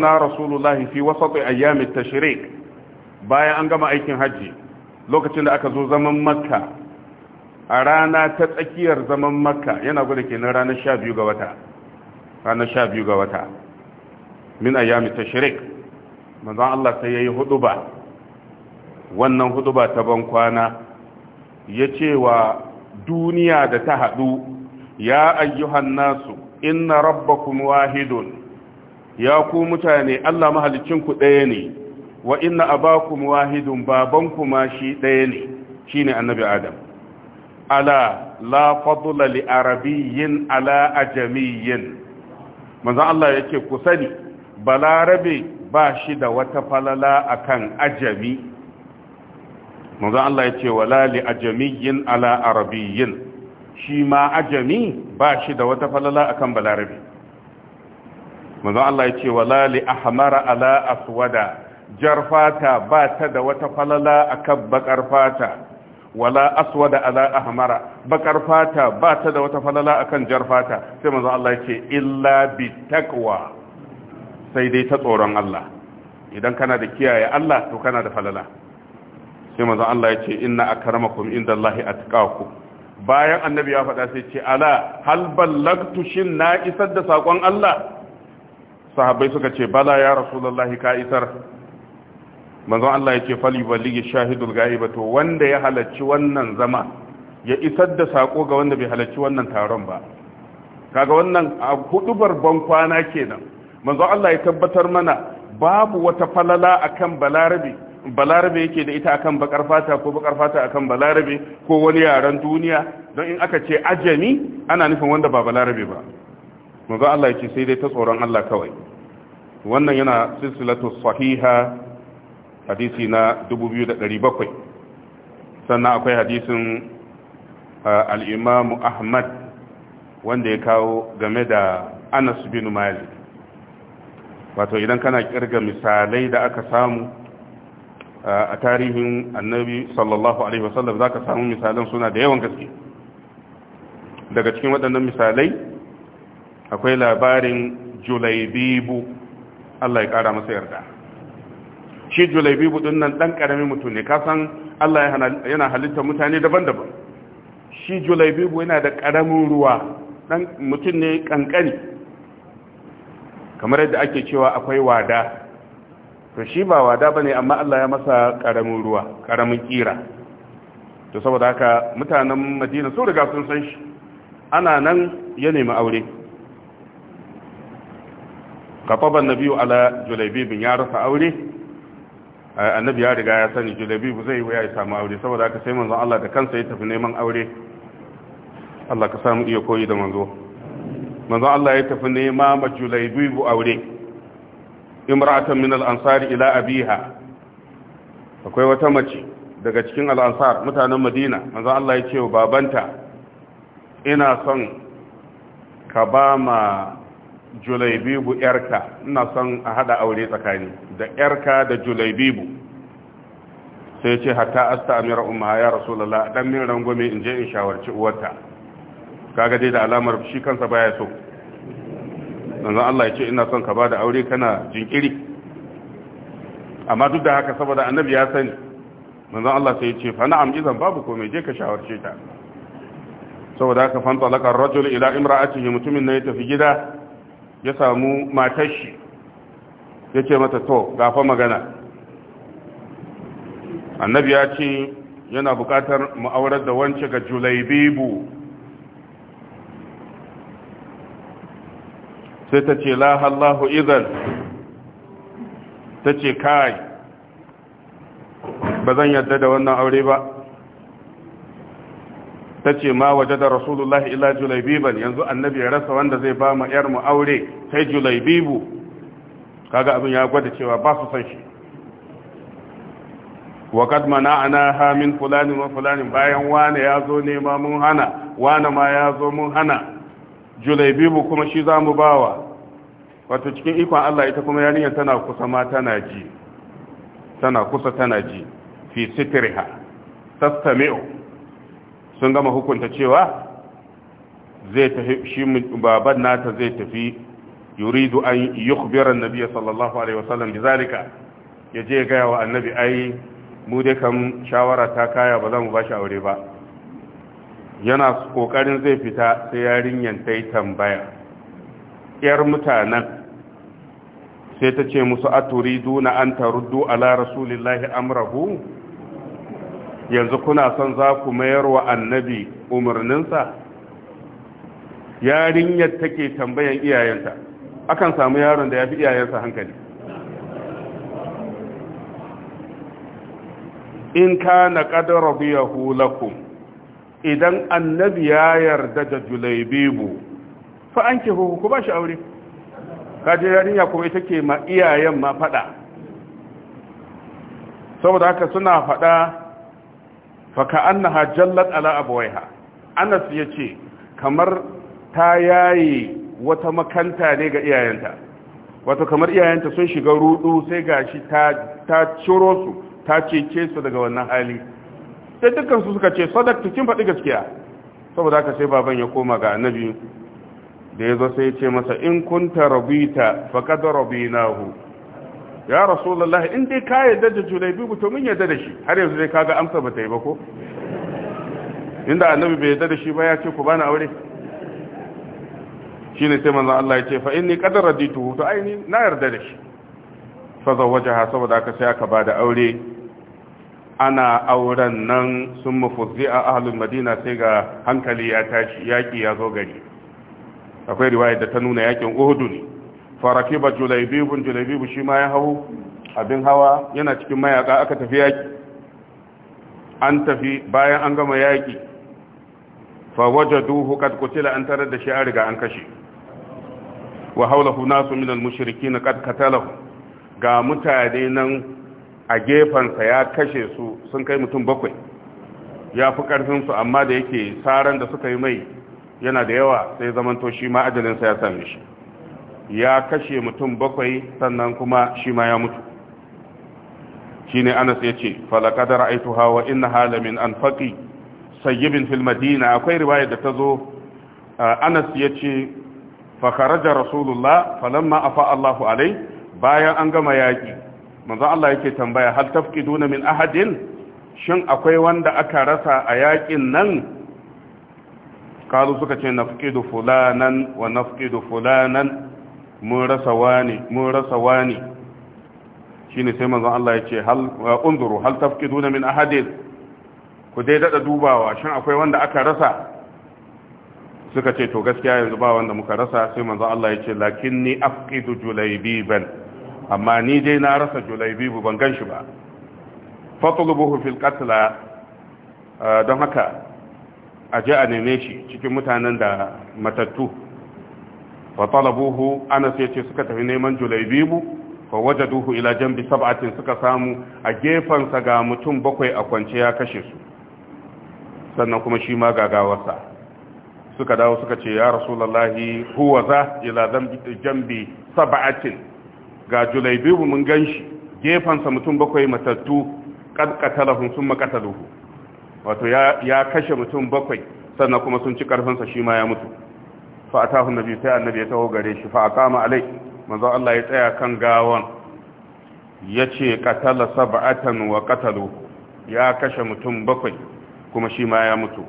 na rasulullahi fi wasati ayyami tashrik bayan an gama aikin hajji lokacin da aka zo zaman makka a rana ta tsakiyar zaman makka yana gwada kenan ranar biyu ga wata ranar biyu ga wata min ayyami tashrik manzan Allah sai ya hudu ba wannan ba ta ban kwana ce wa duniya da ta haɗu ya ayyuhan nasu inna rabbakum wahidun ya ku mutane Allah mahalicinku ɗaya ne wa inna abakum wahidun babanku ma shi ɗaya ne shine annabi adam ala la fadla li arabiyyin ala ajamiyyin manzo Allah yake ku sani balarabe ba shi da wata falala akan ajami manzo Allah yace wala li ajamiyyin ala arabiyyin shi ma ajami ba shi da wata falala akan balarabe manzon Allah ya ce wala li ahmara ala aswada ba ta da wata falala akan bakar fata wala aswada ala ahmara bakar fata ba ta da wata falala akan jar fata sai manzon Allah ya ce illa bi taqwa sai dai ta tsoron Allah idan kana da kiyaye Allah to kana da falala sai manzon Allah ya ce inna akramakum indallahi atqakum bayan annabi ya faɗa sai ce ala hal ballagtu shin na isar da sakon Allah sahabbai suka ce bala ya rasulullahi ka isar manzon Allah ya ce fali baligi shahidul gaiba to wanda ya halarci wannan zama ya isar da sako ga wanda bai halarci wannan taron ba kaga wannan a hudubar ban kwana kenan manzon Allah ya tabbatar mana babu wata falala akan balarabe balarabe yake da ita akan bakar fata ko bakar fata akan balarabe ko wani yaren duniya don in aka ce ajami ana nufin wanda ba balarabe ba manzo Allah yake sai dai ta tsoron Allah kawai wannan yana silsilatu sahiha hadisi na 2700 sannan akwai hadisin ah, al imamu Ahmad wanda ya kawo game da Anas bin Malik wato idan kana kirga misalai da aka samu ah, a tarihin annabi sallallahu alaihi wasallam zaka samu misalan suna da yawan gaske daga cikin waɗannan misalai akwai labarin julaibibu Allah ya kara masa yarda shi julaibibu din nan dan karamin mutum ne kasan Allah yana halitta mutane daban-daban shi julaibibu yana da karamin ruwa dan mutum ne kankani kamar yadda ake cewa akwai wada to shi ba wada bane amma Allah ya masa karamin ruwa karamin kira to saboda haka mutanen Madina sun riga sun san shi ana nan ya nemi aure na biyu ala julaibibin ya rasa aure eh, annabi ya riga ya sani julaibibu zai wuya ya samu aure saboda haka sai manzon Allah da kansa ya tafi neman aure Allah ka samu iya koyi da manzo manzon Allah ya tafi nema ma julaibibu aure imra'atan min al-ansari ila abiha akwai wata mace daga cikin al-ansar mutanen Madina manzon Allah ya ce wa babanta ina son ka ba ma julaibibu yarka ina son a hada aure tsakani da yarka da julaibibu sai ce hatta astamira umma ya rasulullah dan min rangume in je in shawarci uwarta kaga dai da alamar shi kansa baya so dan Allah ya ce ina son ka bada aure kana jinkiri amma duk da haka saboda annabi ya sani manzon Allah sai ya ce fa na'am idan babu komai je ka shawarce ta saboda haka fanta laqar rajul ila imra'atihi mutumin ne ya tafi gida ya samu matashi ya ce mata to gafa magana annabi ya ce yana bukatar ma'aurar da wance ga julaibibu sai ta ce lahallahu izal, ta ce kai ba zan yadda da wannan aure ba ta ce ma waje da rasulullahi illa julaibiban yanzu annabi ya rasa wanda zai ba ma yar mu aure sai julaibibu kaga abin ya gwada cewa ba su san shi wa kad mana'ana ha min fulani wa fulani bayan wane ya zo ma mun hana wane ma ya zo mun hana julaibibu kuma shi za mu bawa wato cikin ikon Allah ita kuma yarinya tana kusa ma tana ji tana kusa tana ji fi sitriha tastami'u sun gama hukunta cewa zai tafi shi baban nata zai tafi yuridu an yukhbira annabi sallallahu alaihi wasallam bizalika yaje ga yawa annabi ai mu dai shawara ta kaya ba zan mu shi aure ba yana kokarin zai fita sai yarinyan ta yi tambaya yar mutanen sai ta ce musu aturidu na an tarudu ala rasulillahi amrahu yanzu kuna son za ku mayar wa annabi umarninsa yarinyar take tambayan iyayenta akan samu yaron da ya fi iyayensa hankali in ka na ƙadar biyahu lakum idan annabi ya yarda da julaibibu fa an ke ku ba shi aure kaji yarinya kuma ita ke ma iyayen ma faɗa saboda haka suna faɗa faka annaha jallat ala abawaiha anas yace kamar ta yayi wata makanta ne ga iyayenta wato kamar iyayenta sun shiga rudu sai gashi ta ta ciro su ta cece su daga wannan hali sai dukkan su suka ce sadaqtu kin faɗi gaskiya saboda haka sai baban ya koma ga annabi da yazo sai ya ce masa in kunta rabita faqad rabinahu ya rasulullahi in dai ka yadda da julaibibu to mun yadda da shi har yanzu dai kaga amsa ba ta yi ba ko inda annabi bai yarda da shi ba ya ce ku bani aure shine sai manzon Allah ya ce fa inni qad raditu to ai na yarda da shi fa zawajaha saboda aka sai aka bada aure ana auren nan sun mafuzzi a ahalin madina sai ga hankali ya tashi yaki ya zo gari akwai riwaya da ta nuna yakin uhudu ne faraki ba julaibibun julaibibu shi ma ya hau abin hawa yana cikin mayaka aka tafi yaki an tafi bayan an gama yaki fawajaduhu duhu qutila an tarar da shi a riga an kashe wa hawlahu nasu min al-mushrikin ga mutane nan a sa ya kashe su sun kai mutum bakwai ya fi karfin su amma da yake saran da suka yi mai yana da yawa sai zamanto shi ma ajalinsa ya same shi ya kashe mutum bakwai sannan kuma shi ma ya mutu shine Anas yace falaqad ra'aytuha wa innaha lamin anfaqi sayyibin fil madina akwai riwaya da tazo Anas yace fa kharaja rasulullah falamma afa Allahu alai bayan an gama yaƙi manzo Allah yake tambaya hal tafqiduna min ahadin shin akwai wanda aka rasa a yaƙin nan kalu suka ce nafqidu fulanan wa nafqidu fulanan mun rasa wani mun rasa wani shine sai manzon Allah ya ce hal uh, unzuru hal tafqiduna min ahadin ku dai dada dubawa shin akwai wanda aka rasa suka ce to gaskiya yanzu ba wanda muka rasa sai manzon Allah ya ce lakinni afqidu julaybiban amma ni dai na rasa julaybibu ban ganshi ba fatlubuhu fil qatla uh, don haka a je a neme shi cikin mutanen da matattu fa talabuhu anas ce suka tafi neman julaibibu fa wajaduhu ila jambi sab'atin suka samu a gefan sa ga mutum bakwai a kwance ya kashe su sannan kuma shi ma gagawarsa suka dawo suka ce ya rasulullahi huwa za ila jambi sab'atin ga julaibibu mun ganshi gefansa mutum bakwai matattu kad qatalahum summa qataluhu wato ya kashe mutum bakwai sannan kuma sun ci karfinsa shi ma ya mutu fa atahu nabi sai annabi ya taho gare shi fa kama alai manzo Allah ya tsaya kan gawan yace qatala sab'atan wa qatalu ya kashe mutum bakwai kuma shi ma ya mutu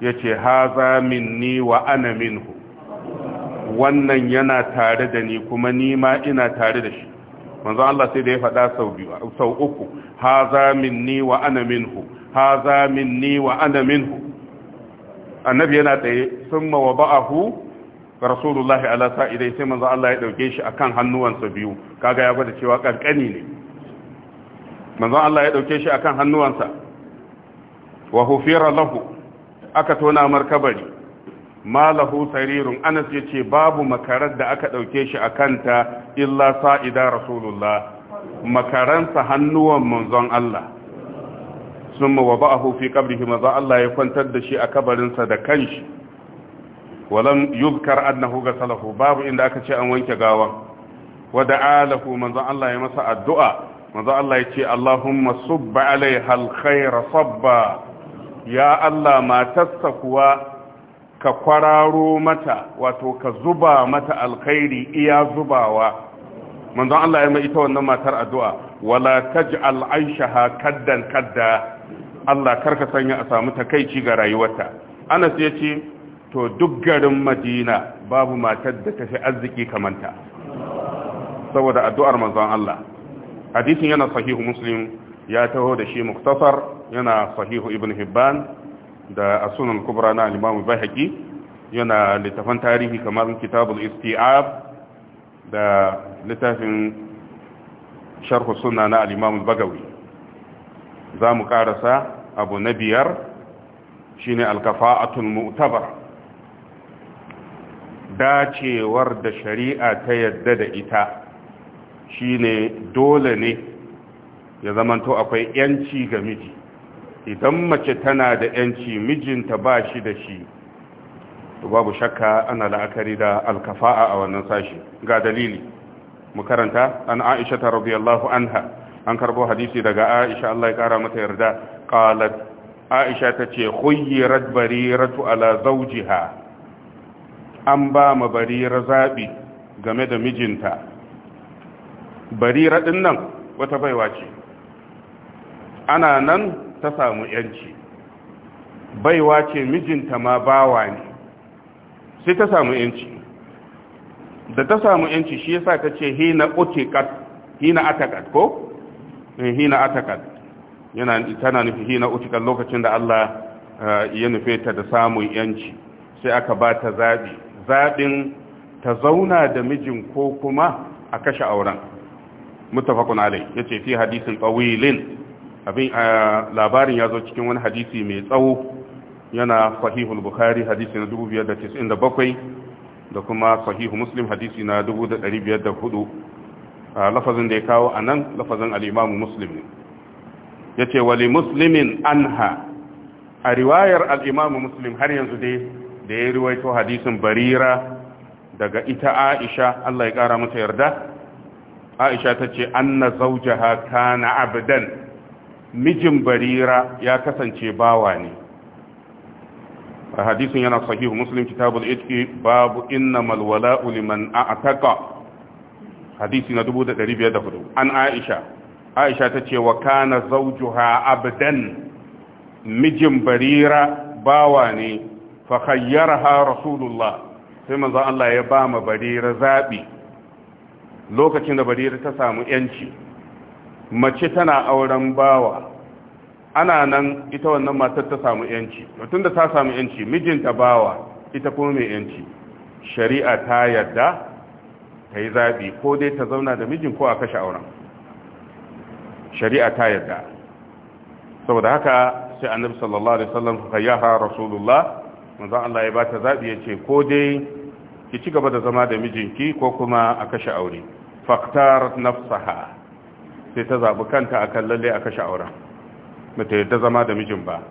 yace haza minni wa ana minhu wannan yana tare da ni kuma ni ma ina tare da shi manzo Allah sai da ya faɗa sau sau uku haza minni wa ana minhu haza minni wa ana minhu annabi yana tsaye sun mawa ba'ahu rasulullah ala sa'idai sai manzo Allah ya dauke shi akan hannuwansa biyu kaga ya gwada cewa kankani ne manzo Allah ya dauke shi akan hannuwansa wa hufira lahu aka tona markabari malahu sarirun anas yace babu makarar da aka dauke shi akanta illa sa'ida rasulullah makaransa hannuwan manzon Allah summa wada'ahu fi qabrihi maza Allah ya kwantar da shi a kabarinsa da kanshi walam yuzkar annahu gasalahu babu inda aka ce an wanke gawan wada alahu manzo Allah ya masa addu'a manzo Allah ya ce Allahumma subba alaiha alkhaira sabba ya Allah matarsa kuwa ka kwararo mata wato ka zuba mata alkhairi iya zubawa manzo Allah ya mai ita wannan matar addu'a wala taj'al aishaha kaddan kadda Allah karka sanya a samu takaici ga rayuwarta Anas ya ce to duk garin Madina babu matar da tafi arziki kamanta saboda addu'ar manzon Allah hadisin yana sahihu Muslim ya taho da shi muktasar yana sahihu Ibn Hibban da as-Sunan kubra na Imam Baihaqi yana littafin tarihi kamar Kitabul Isti'ab da littafin Sharh Sunna na Imam Bagawi za mu ƙarasa abu na biyar shine alkafa'atun mu'tabar dacewar da shari'a ta yadda da ita shine dole ne ya zamanto akwai yanci ga miji idan mace tana da yanci mijinta ba shi da shi to babu shakka ana la'akari da alkafa'a a wannan sashi ga dalili mu karanta an aisha ta radiyallahu anha an karbo hadisi daga aisha Allah ya kara mata yarda qalat aisha tace khuyyirat bariratu ala zawjiha an ba ma barira zabi game da mijinta barira din nan wata baiwa ce ana nan ta samu yanci baiwa ce mijinta ma bawa ne sai ta samu yanci da ta samu yanci shi yasa ta ce hina utiqat hina Atakat, ko Eh, hina atakat yana tana nufi hina utikan lokacin da Allah eh, ya nufe ta da samun yanci sai aka ba ta zaɓi zaɓin ta zauna da mijin ko kuma a kashe auren mutafakun alai ya ce fi hadisin tsawilin abin eh, labarin ya zo cikin wani hadisi mai tsawo yana fahihul bukhari hadisi na 597 da kuma fahihul muslim hadisi na 1504 lafazin da ya kawo a nan lafazin al'imamu muslim ya ce wali an ha a riwayar al'imamu muslim har yanzu dai da ya riwaito hadisin barira daga ita aisha Allah ya ƙara mata yarda aisha ta ce anna zaujaha kana abdan mijin barira ya kasance bawa ne hadisin yana sahihu muslim kitabul itqi babu innamal wala'u liman a'taqa hadisi na 1504 an aisha aisha ta ce wa kana zawjuha abdan mijin barira bawa ne fa khayyarha rasulullah sai manzo Allah ya ba ma barira zabi lokacin da barira ta samu yanci mace tana auren bawa ana nan ita wannan matar ta samu yanci tun da ta samu yanci mijinta bawa ita kuma mai yanci shari'a ta yadda ta yi zaɓi ko dai ta zauna da mijin ko a kashe auren shari'a ta yarda saboda haka sai annabi sallallahu alaihi wasallam kayyaha rasulullah manzon Allah ya bata zaɓi ya ce ko dai ki ci gaba da zama da mijinki ko kuma a kashe aure faktar nafsaha sai ta zaɓi kanta akan lalle a kashe auren mata yadda zama da mijin ba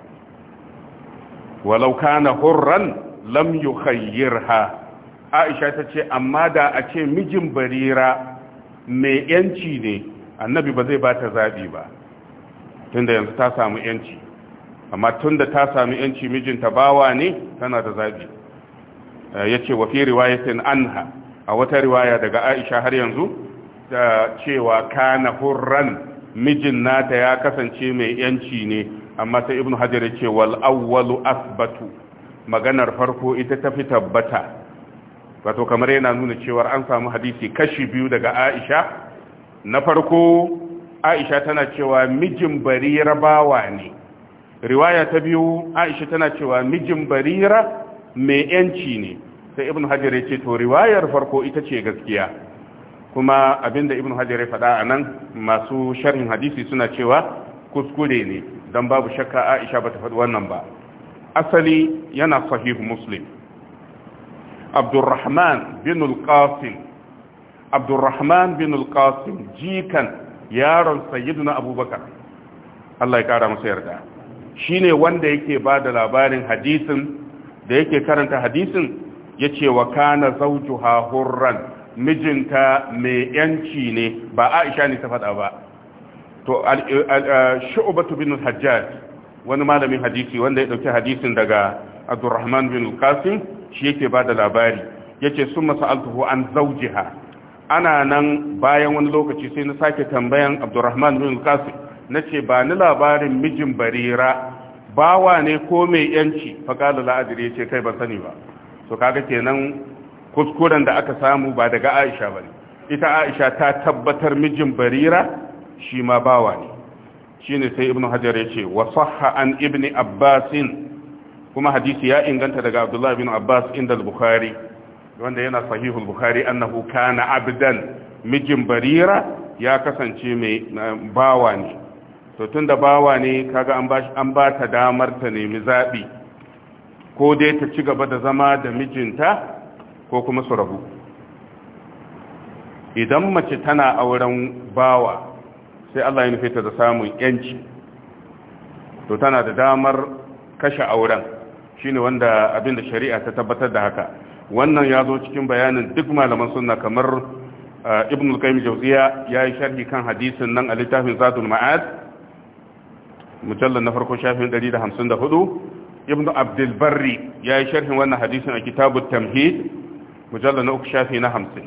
walau kana hurran lam yukhayyirha aisha ta ce amma da a ce mijin barira mai yanci ne annabi ba zai ba ta zaɓi ba tunda yanzu ta samu yanci amma tunda ta samu yanci mijinta bawa ne tana da zaɓi eh, ya ce wa fi riwayatin anha a wata riwaya daga aisha har yanzu da cewa kana hurran mijin nata ya kasance mai yanci ne amma sai ibn hajar ya ce wal awwalu asbatu maganar farko ita tafi tabbata wato kamar yana nuna cewar an samu hadisi kashi biyu daga aisha na farko aisha tana cewa mijin barira bawa ne riwaya ta biyu aisha tana cewa mijin barira mai yanci ne sai ibn hajar ya ce to riwayar farko ita ce gaskiya kuma abinda ibn hajar ya faɗa a nan masu sharhin hadisi suna cewa kuskure ne don babu shakka aisha ba ta faɗi wannan ba asali yana sahihu muslim abdurrahman bin al-qasim abdurrahman bin al-qasim jikan yaron sayyiduna abubakar Allah ya kara masa yarda shine wanda yake ba da labarin hadisin da yake karanta hadisin yace wa kana zawjuha hurran mijinta mai yanci ne ba Aisha ne ta faɗa ba to shu'batu bin al-hajjaj wani malamin hadisi wanda ya dauki hadisin daga Abdurrahman bin al-Qasim shi yake ba da labari yace sun masa'altuhu an ha ana nan bayan wani lokaci sai na sake tambayan Abdurrahman bin na ce ba ni labarin mijin Barira ba wa ne ko mai yanci fa qala ya ce yace kai ban sani ba to kaga kenan kuskuren da aka samu ba daga Aisha ne ita Aisha ta tabbatar mijin Barira shi ma bawa ne shine sai Ibn Hajar yace wa sahha an Ibn Abbasin kuma hadisi ya inganta daga abdullah bin abbas inda bukhari wanda yana sahihul bukhari annahu kana abdan mijin barira ya kasance mai eh, bawa ne to tunda bawa ne kaga an ba ta damar ta nemi zabi ko dai ta ci gaba da zama da mijinta ko kuma su rabu idan mace tana auren bawa sai Allah ya nufe ta da samun yanci to tana da damar kashe auren shine wanda abinda shari'a ta tabbatar da haka wannan ya zo cikin bayanin duk malaman sunna kamar uh, ibn al-qayyim jawziya ya yi sharhi kan hadisin nan a littafin zadul ma'ad mujallal na farko shafin 154 ibn abdul barri ya yi sharhin wannan hadisin a kitabut tamhid mujallal na uku shafi na 50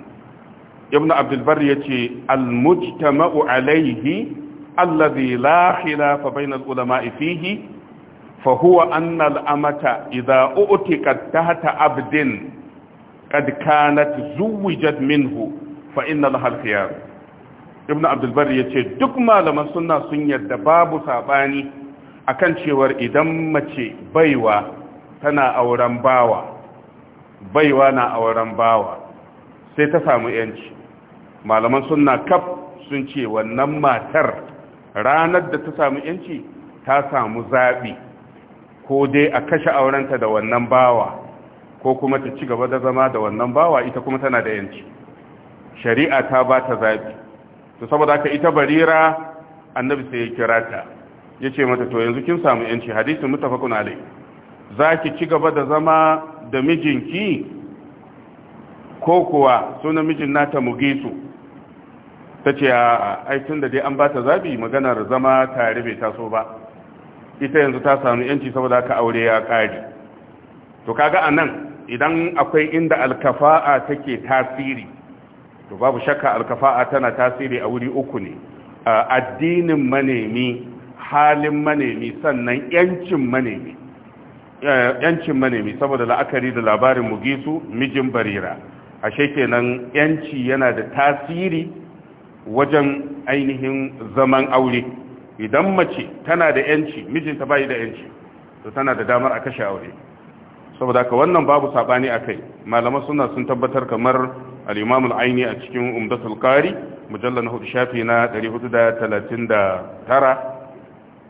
ibn abdul barri yace al-mujtama'u alayhi alladhi la khilafa bayna al-ulama'i fihi fa huwa anna al'amata idza utiqat tahta abdin qad kanat zuwijat minhu fa inna laha ibn abdul bari yace duk malaman sunna sun yarda babu sabani akan cewar idan mace baiwa na auren bawa sai ta samu yanci malaman sunna kaf sun ce wannan matar ranar da ta samu yanci ta samu zaɓi ko dai a kashe aurenta da wannan bawa ko kuma ta ci gaba da zama da wannan bawa ita kuma tana da yanci shari'a ta ba ta zaɓi to saboda haka ita barira annabi sai ya kira ta ya ce mata to yanzu kin samu yanci hadisin mutafakun alai za ki ci gaba da zama da mijinki ko kuwa sunan mijin nata mugisu ta ce a aitun da dai an ba ta zaɓi maganar zama tare bai taso ba ita yanzu ta samu yanci saboda haka aure ya kare to kaga anan idan akwai inda alkafa'a take tasiri to babu shakka alkafa'a tana tasiri a wuri uku ne addinin manemi halin manemi sannan yancin manemi eh, yancin manemi saboda la'akari da labarin mugisu mijin barira ashe kenan yanci yana da tasiri wajen ainihin zaman aure idan mace tana da yanci mijinta bai da yanci to tana da damar a kashe aure saboda haka wannan babu sabani akai malaman suna sun tabbatar kamar al-Imam al-Aini a cikin Umdatul Qari mujallal na hudu shafi na 439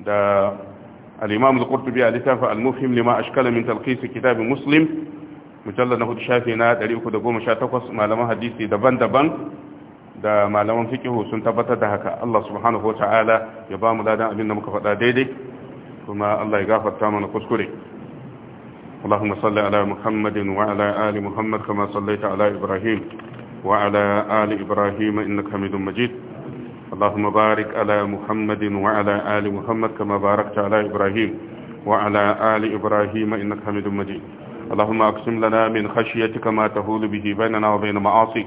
da al-Imam al-Qurtubi a littafin al-Mufhim lima ashkala min talqis kitab Muslim mujallal na hudu shafi na 318 malaman hadisi daban-daban da malaman fikihu sun tabbatar da haka Allah subhanahu wata'ala ya ba mu ladan abin da muka faɗa daidai kuma Allah ya gafarta mana kuskure اللهم صل على محمد وعلى آل محمد كما صليت على إبراهيم وعلى آل إبراهيم إنك حميد مجيد اللهم بارك على محمد وعلى آل محمد كما باركت على إبراهيم وعلى آل إبراهيم إنك حميد مجيد اللهم أقسم لنا من خشيتك ما تهول به بيننا وبين معاصيك